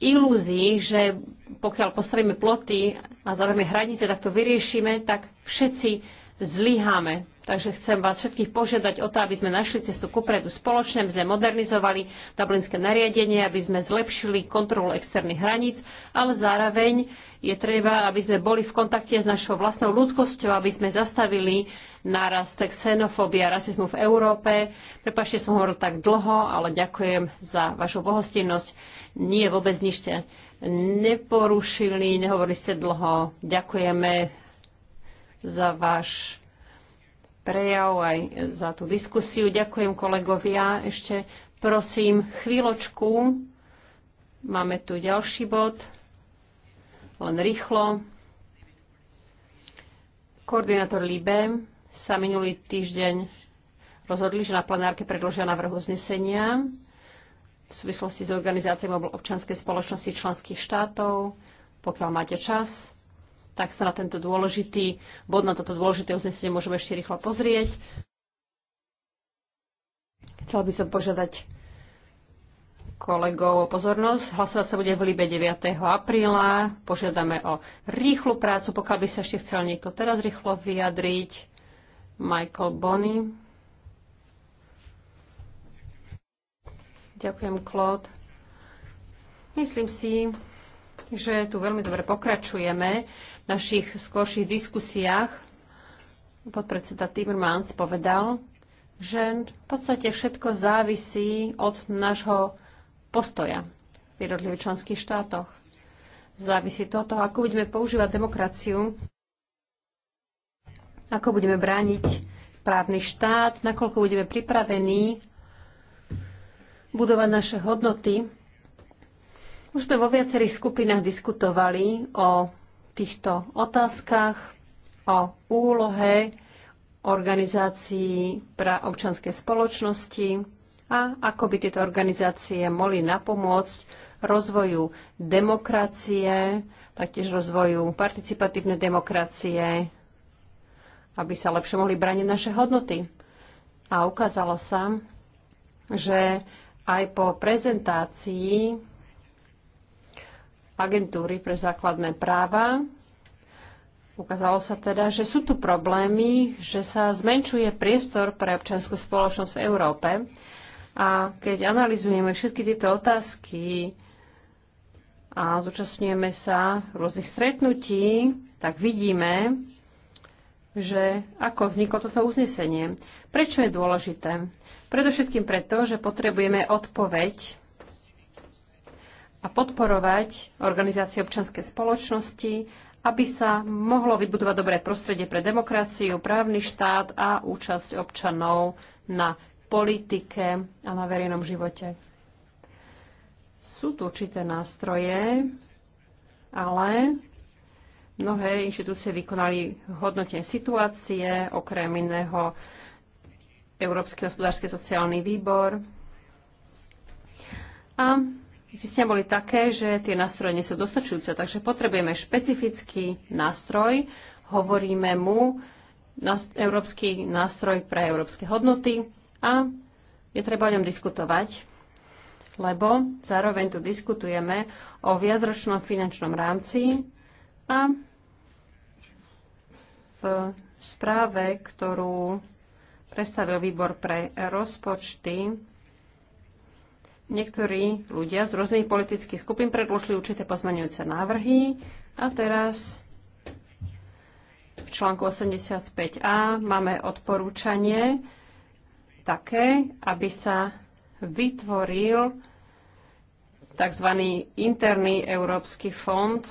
ilúzii, že pokiaľ postavíme ploty a zavrieme hranice, tak to vyriešime, tak všetci zlyháme. Takže chcem vás všetkých požiadať o to, aby sme našli cestu kupredu spoločne, aby sme modernizovali dublinské nariadenie, aby sme zlepšili kontrolu externých hraníc, ale zároveň je treba, aby sme boli v kontakte s našou vlastnou ľudkosťou, aby sme zastavili nárast xenofóbia a rasizmu v Európe. Prepašte, som hovoril tak dlho, ale ďakujem za vašu bohostinnosť. Nie, vôbec nič ste neporušili, nehovorili ste dlho. Ďakujeme za váš prejav aj za tú diskusiu. Ďakujem kolegovia. Ešte prosím chvíľočku. Máme tu ďalší bod. Len rýchlo. Koordinátor Libe sa minulý týždeň rozhodli, že na plenárke predložia návrh uznesenia v súvislosti s organizáciou občanskej spoločnosti členských štátov. Pokiaľ máte čas, tak sa na tento dôležitý bod, na toto dôležité uznesenie môžeme ešte rýchlo pozrieť. Chcel by som požiadať kolegov o pozornosť. Hlasovať sa bude v Libe 9. apríla. Požiadame o rýchlu prácu, pokiaľ by sa ešte chcel niekto teraz rýchlo vyjadriť. Michael Bonny. Ďakujem, Claude. Myslím si, že tu veľmi dobre pokračujeme v našich skorších diskusiách. Podpredseda Timmermans povedal, že v podstate všetko závisí od nášho postoja v jednotlivých členských štátoch. Závisí to od toho, ako budeme používať demokraciu, ako budeme brániť právny štát, nakoľko budeme pripravení budovať naše hodnoty. Už sme vo viacerých skupinách diskutovali o týchto otázkach, o úlohe organizácií pre občanské spoločnosti a ako by tieto organizácie mohli napomôcť rozvoju demokracie, taktiež rozvoju participatívnej demokracie, aby sa lepšie mohli braniť naše hodnoty. A ukázalo sa, že aj po prezentácii agentúry pre základné práva ukázalo sa teda, že sú tu problémy, že sa zmenšuje priestor pre občanskú spoločnosť v Európe. A keď analizujeme všetky tieto otázky a zúčastňujeme sa rôznych stretnutí, tak vidíme, že ako vzniklo toto uznesenie. Prečo je dôležité? Predovšetkým preto, že potrebujeme odpoveď a podporovať organizácie občanskej spoločnosti, aby sa mohlo vybudovať dobré prostredie pre demokraciu, právny štát a účasť občanov na politike a na verejnom živote. Sú tu určité nástroje, ale mnohé inštitúcie vykonali hodnotenie situácie, okrem iného Európsky hospodársky sociálny výbor. A zistenia boli také, že tie nástroje nie sú dostačujúce, takže potrebujeme špecifický nástroj, hovoríme mu európsky nástroj pre európske hodnoty a je treba o ňom diskutovať, lebo zároveň tu diskutujeme o viacročnom finančnom rámci a v správe, ktorú predstavil výbor pre rozpočty, niektorí ľudia z rôznych politických skupín predložili určité pozmeňujúce návrhy a teraz v článku 85a máme odporúčanie také, aby sa vytvoril tzv. interný európsky fond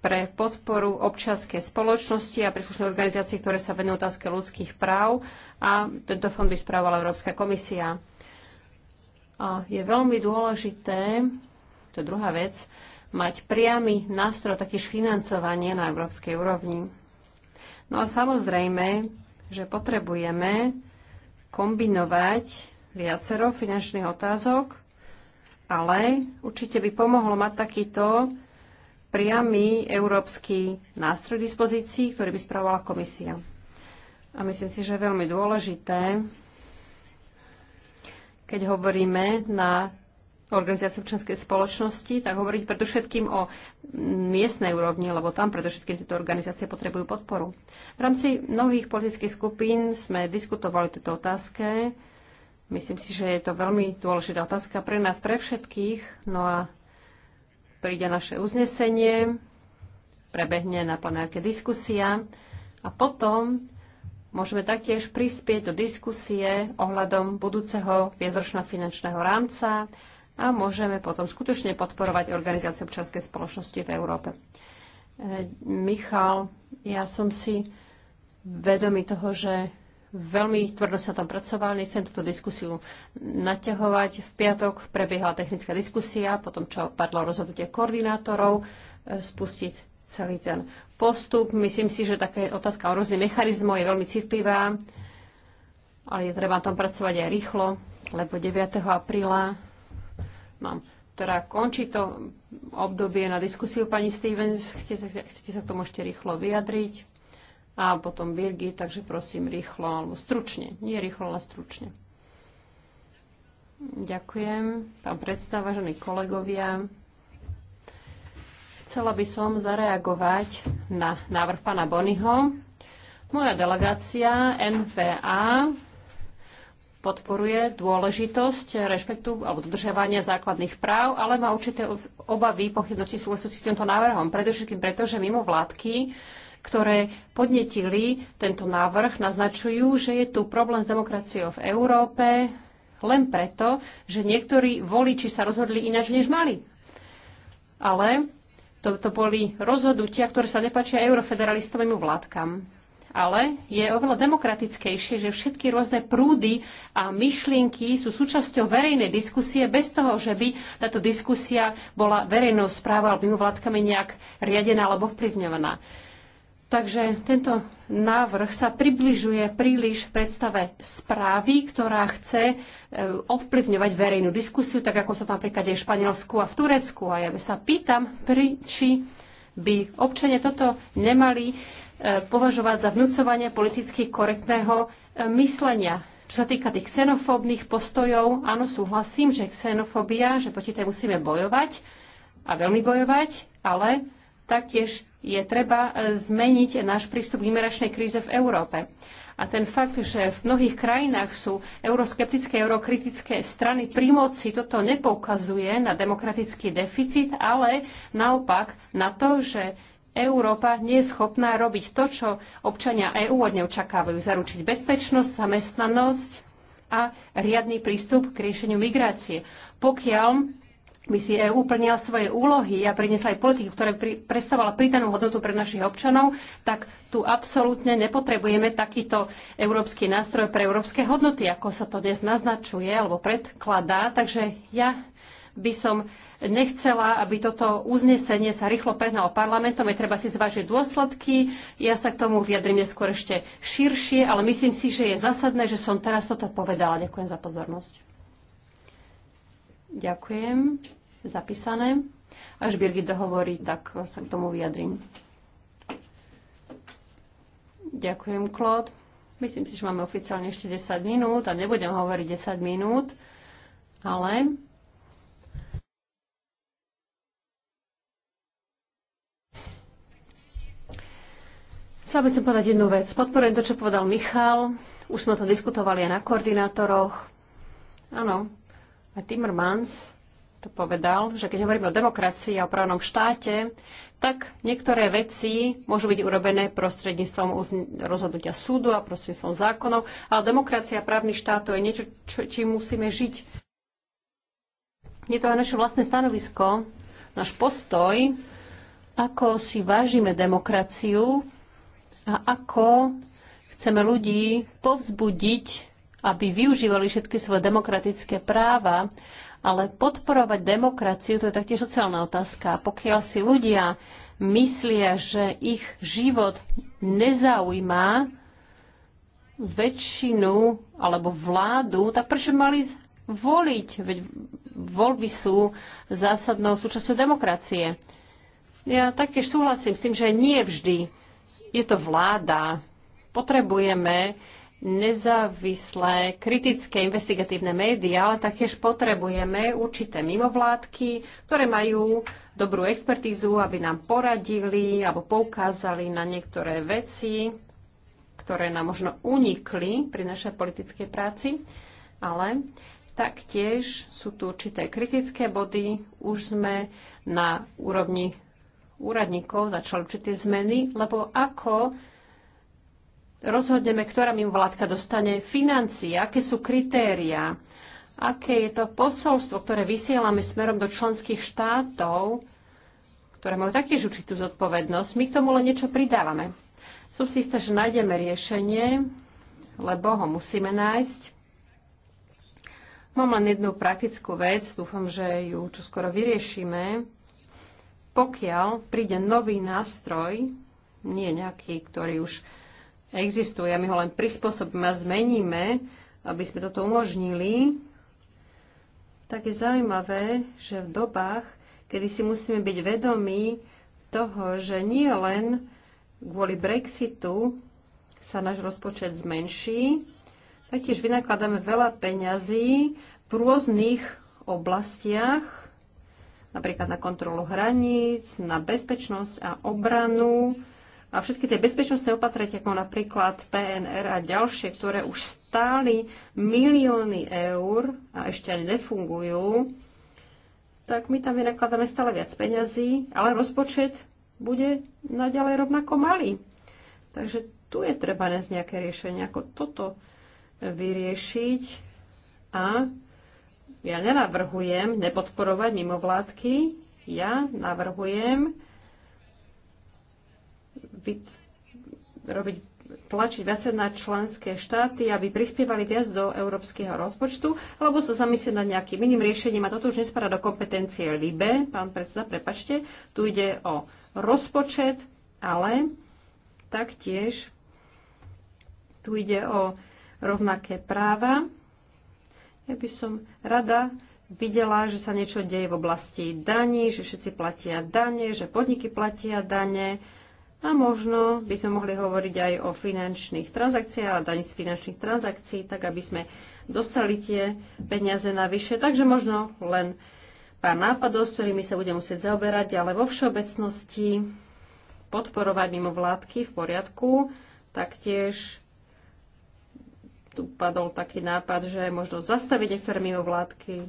pre podporu občianskej spoločnosti a príslušné organizácie, ktoré sa venujú otázke ľudských práv a tento fond by správala Európska komisia. A je veľmi dôležité, to je druhá vec, mať priamy nástroj, takéž financovanie na európskej úrovni. No a samozrejme, že potrebujeme kombinovať viacero finančných otázok, ale určite by pomohlo mať takýto priamy európsky nástroj dispozícií, ktorý by spravovala komisia. A myslím si, že je veľmi dôležité, keď hovoríme na organizácie občianskej spoločnosti, tak hovoriť predovšetkým o miestnej úrovni, lebo tam predovšetkým tieto organizácie potrebujú podporu. V rámci nových politických skupín sme diskutovali tieto otázke. Myslím si, že je to veľmi dôležitá otázka pre nás, pre všetkých. No a príde naše uznesenie, prebehne na plenárke diskusia a potom môžeme taktiež prispieť do diskusie ohľadom budúceho viacročného finančného rámca a môžeme potom skutočne podporovať organizácie občianskej spoločnosti v Európe. E, Michal, ja som si vedomý toho, že Veľmi tvrdo sa tam pracoval, nechcem túto diskusiu naťahovať. V piatok prebiehala technická diskusia, potom čo padlo rozhodnutie koordinátorov e, spustiť celý ten postup. Myslím si, že také otázka o rôzne mechanizmov je veľmi citlivá, ale je treba tam pracovať aj rýchlo, lebo 9. apríla mám teda končí to obdobie na diskusiu. Pani Stevens, chcete, chcete sa k tomu ešte rýchlo vyjadriť? a potom birgi, takže prosím rýchlo alebo stručne. Nie rýchlo, ale stručne. Ďakujem. Pán predseda, vážení kolegovia, chcela by som zareagovať na návrh pána Bonyho. Moja delegácia NVA podporuje dôležitosť rešpektu alebo dodržiavania základných práv, ale má určité obavy pochybnosti súhlasu s týmto návrhom. Predovšetkým preto, že mimo vládky ktoré podnetili tento návrh, naznačujú, že je tu problém s demokraciou v Európe len preto, že niektorí voliči sa rozhodli ináč, než mali. Ale to, to boli rozhodnutia, ktoré sa nepačia eurofederalistovým vládkam. Ale je oveľa demokratickejšie, že všetky rôzne prúdy a myšlienky sú súčasťou verejnej diskusie bez toho, že by táto diskusia bola verejnou správou alebo vládkami nejak riadená alebo vplyvňovaná. Takže tento návrh sa približuje príliš predstave správy, ktorá chce e, ovplyvňovať verejnú diskusiu, tak ako sa tam napríklad je v Španielsku a v Turecku. A ja sa pýtam, pri, či by občania toto nemali e, považovať za vnúcovanie politicky korektného e, myslenia. Čo sa týka tých xenofóbnych postojov, áno, súhlasím, že xenofóbia, že proti tej musíme bojovať a veľmi bojovať, ale Taktiež je treba e, zmeniť náš prístup k imigračnej kríze v Európe. A ten fakt, že v mnohých krajinách sú euroskeptické, eurokritické strany pri moci, toto nepoukazuje na demokratický deficit, ale naopak na to, že Európa nie je schopná robiť to, čo občania EÚ od nej očakávajú. Zaručiť bezpečnosť, zamestnanosť a riadny prístup k riešeniu migrácie. Pokiaľ by si EU plnila svoje úlohy a priniesla aj politiku, ktorá pri, predstavovala pridanú hodnotu pre našich občanov, tak tu absolútne nepotrebujeme takýto európsky nástroj pre európske hodnoty, ako sa to dnes naznačuje alebo predkladá. Takže ja by som nechcela, aby toto uznesenie sa rýchlo prehnalo parlamentom. Je treba si zvážiť dôsledky. Ja sa k tomu vyjadrím neskôr ešte širšie, ale myslím si, že je zásadné, že som teraz toto povedala. Ďakujem za pozornosť. Ďakujem. Zapísané. Až Birgit dohovorí, tak sa k tomu vyjadrím. Ďakujem, Klod. Myslím si, že máme oficiálne ešte 10 minút a nebudem hovoriť 10 minút, ale Chcela by som povedať jednu vec. Podporujem to, čo povedal Michal. Už sme to diskutovali aj na koordinátoroch. Áno, a Timmermans to povedal, že keď hovoríme o demokracii a o právnom štáte, tak niektoré veci môžu byť urobené prostredníctvom rozhodnutia súdu a prostredníctvom zákonov, ale demokracia a právny štát to je niečo, čo, čím musíme žiť. Je to aj naše vlastné stanovisko, náš postoj, ako si vážime demokraciu a ako chceme ľudí povzbudiť aby využívali všetky svoje demokratické práva, ale podporovať demokraciu to je taktiež sociálna otázka. Pokiaľ si ľudia myslia, že ich život nezaujíma väčšinu alebo vládu, tak prečo mali voliť? Veď voľby sú zásadnou súčasťou demokracie. Ja taktiež súhlasím s tým, že nie vždy je to vláda. Potrebujeme nezávislé, kritické investigatívne médiá, ale taktiež potrebujeme určité mimovládky, ktoré majú dobrú expertízu, aby nám poradili alebo poukázali na niektoré veci, ktoré nám možno unikli pri našej politickej práci, ale taktiež sú tu určité kritické body. Už sme na úrovni úradníkov začali určité zmeny, lebo ako rozhodneme, ktorá vládka dostane financie, aké sú kritéria, aké je to posolstvo, ktoré vysielame smerom do členských štátov, ktoré majú taktiež určitú zodpovednosť. My k tomu len niečo pridávame. Som si istá, že nájdeme riešenie, lebo ho musíme nájsť. Mám len jednu praktickú vec, dúfam, že ju čo skoro vyriešime. Pokiaľ príde nový nástroj, nie nejaký, ktorý už existuje. My ho len prispôsobíme a zmeníme, aby sme toto umožnili. Tak je zaujímavé, že v dobách, kedy si musíme byť vedomí toho, že nie len kvôli Brexitu sa náš rozpočet zmenší, taktiež vynakladáme veľa peňazí v rôznych oblastiach, napríklad na kontrolu hraníc, na bezpečnosť a obranu, a všetky tie bezpečnostné opatrenia, ako napríklad PNR a ďalšie, ktoré už stáli milióny eur a ešte ani nefungujú, tak my tam vynakladáme stále viac peňazí, ale rozpočet bude naďalej rovnako malý. Takže tu je treba nájsť nejaké riešenie, ako toto vyriešiť. A ja nenavrhujem nepodporovať mimovládky, ja navrhujem, robiť, tlačiť viacej na členské štáty, aby prispievali viac do európskeho rozpočtu, alebo sa zamyslieť nad nejakým iným riešením. A toto už nespadá do kompetencie LIBE, pán predseda, prepačte. Tu ide o rozpočet, ale taktiež tu ide o rovnaké práva. Ja by som rada videla, že sa niečo deje v oblasti daní, že všetci platia dane, že podniky platia dane, a možno by sme mohli hovoriť aj o finančných transakciách, ale daní z finančných transakcií, tak aby sme dostali tie peniaze navyše. Takže možno len pár nápadov, s ktorými sa budem musieť zaoberať, ale vo všeobecnosti podporovať mimo vládky v poriadku. Taktiež tu padol taký nápad, že možno zastaviť niektoré mimo vládky,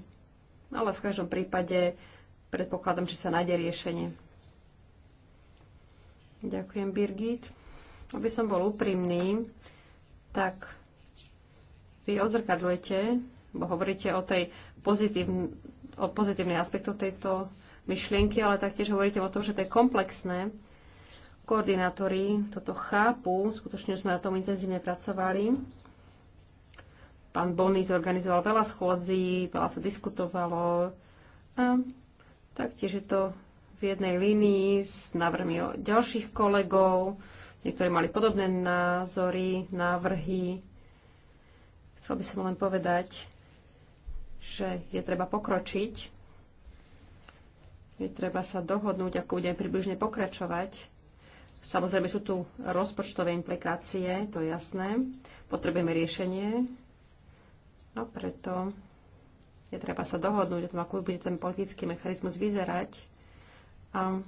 ale v každom prípade predpokladám, že sa nájde riešenie. Ďakujem, Birgit. Aby som bol úprimný, tak vy odzrkadľujete, bo hovoríte o, tej pozitívnej, o pozitívnych tejto myšlienky, ale taktiež hovoríte o tom, že to je komplexné. Koordinátori toto chápu, skutočne sme na tom intenzívne pracovali. Pán Bonny zorganizoval veľa schôdzí, veľa sa diskutovalo a taktiež je to v jednej línii s návrhmi ďalších kolegov. Niektorí mali podobné názory, návrhy. Chcel by som len povedať, že je treba pokročiť. Je treba sa dohodnúť, ako budeme približne pokračovať. Samozrejme sú tu rozpočtové implikácie, to je jasné. Potrebujeme riešenie. No preto je treba sa dohodnúť o tom, ako bude ten politický mechanizmus vyzerať. A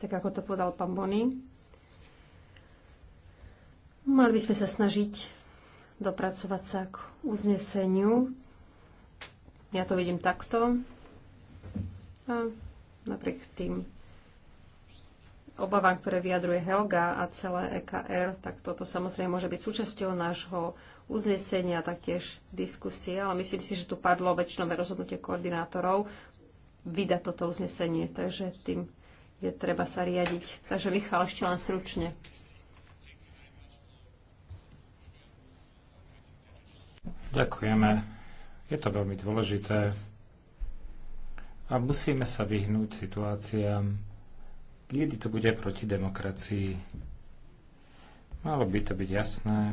tak ako to povedal pán Bony, mali by sme sa snažiť dopracovať sa k uzneseniu. Ja to vidím takto. A napriek tým obavám, ktoré vyjadruje Helga a celé EKR, tak toto samozrejme môže byť súčasťou nášho uznesenia, taktiež diskusie, ale myslím si, že tu padlo väčšinové rozhodnutie koordinátorov vyda toto uznesenie. Takže tým je treba sa riadiť. Takže Michal, ešte len stručne. Ďakujeme. Je to veľmi dôležité. A musíme sa vyhnúť situáciám, kedy to bude proti demokracii. Malo by to byť jasné,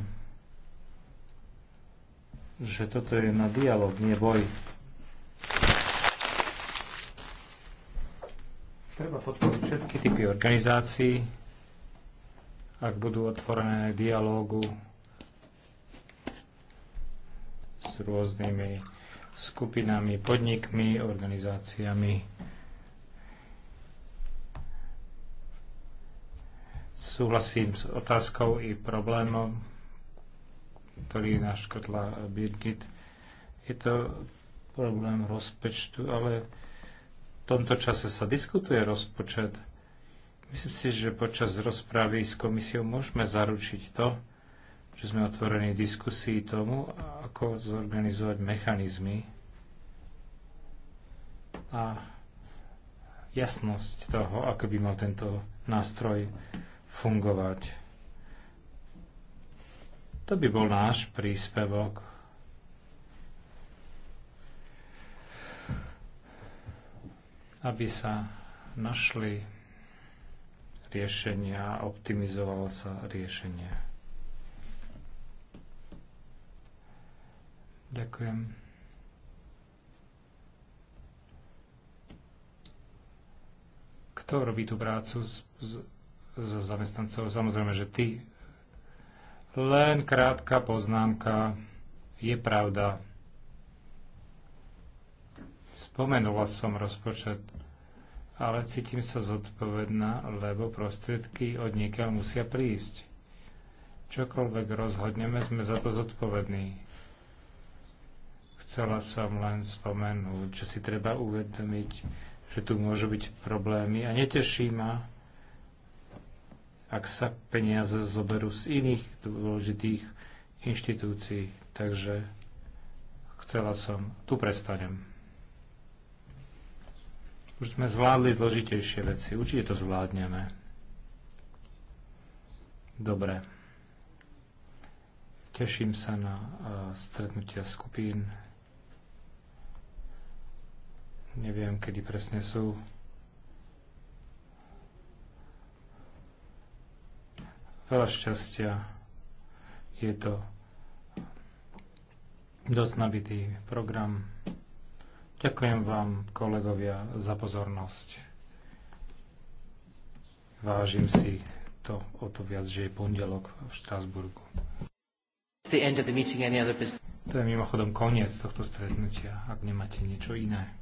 že toto je na dialog, nie boj. Treba podporiť všetky typy organizácií, ak budú otvorené dialógu s rôznymi skupinami, podnikmi, organizáciami. Súhlasím s otázkou i problémom, ktorý naškrtla Birgit. Je to problém rozpečtu, ale tomto čase sa diskutuje rozpočet. Myslím si, že počas rozpravy s komisiou môžeme zaručiť to, že sme otvorení diskusii tomu, ako zorganizovať mechanizmy a jasnosť toho, ako by mal tento nástroj fungovať. To by bol náš príspevok aby sa našli riešenia a optimizovalo sa riešenie. Ďakujem. Kto robí tú prácu so zamestnancov? Samozrejme, že ty. Len krátka poznámka. Je pravda, Spomenula som rozpočet, ale cítim sa zodpovedná, lebo prostriedky od niekiaľ musia prísť. Čokoľvek rozhodneme, sme za to zodpovední. Chcela som len spomenúť, že si treba uvedomiť, že tu môžu byť problémy a neteší ma, ak sa peniaze zoberú z iných dôležitých inštitúcií. Takže chcela som, tu prestanem. Už sme zvládli zložitejšie veci. Určite to zvládneme. Dobre. Teším sa na e, stretnutia skupín. Neviem, kedy presne sú. Veľa šťastia. Je to dosť nabitý program. Ďakujem vám, kolegovia, za pozornosť. Vážim si to o to viac, že je pondelok v Štrásburgu. To je mimochodom koniec tohto stretnutia, ak nemáte niečo iné.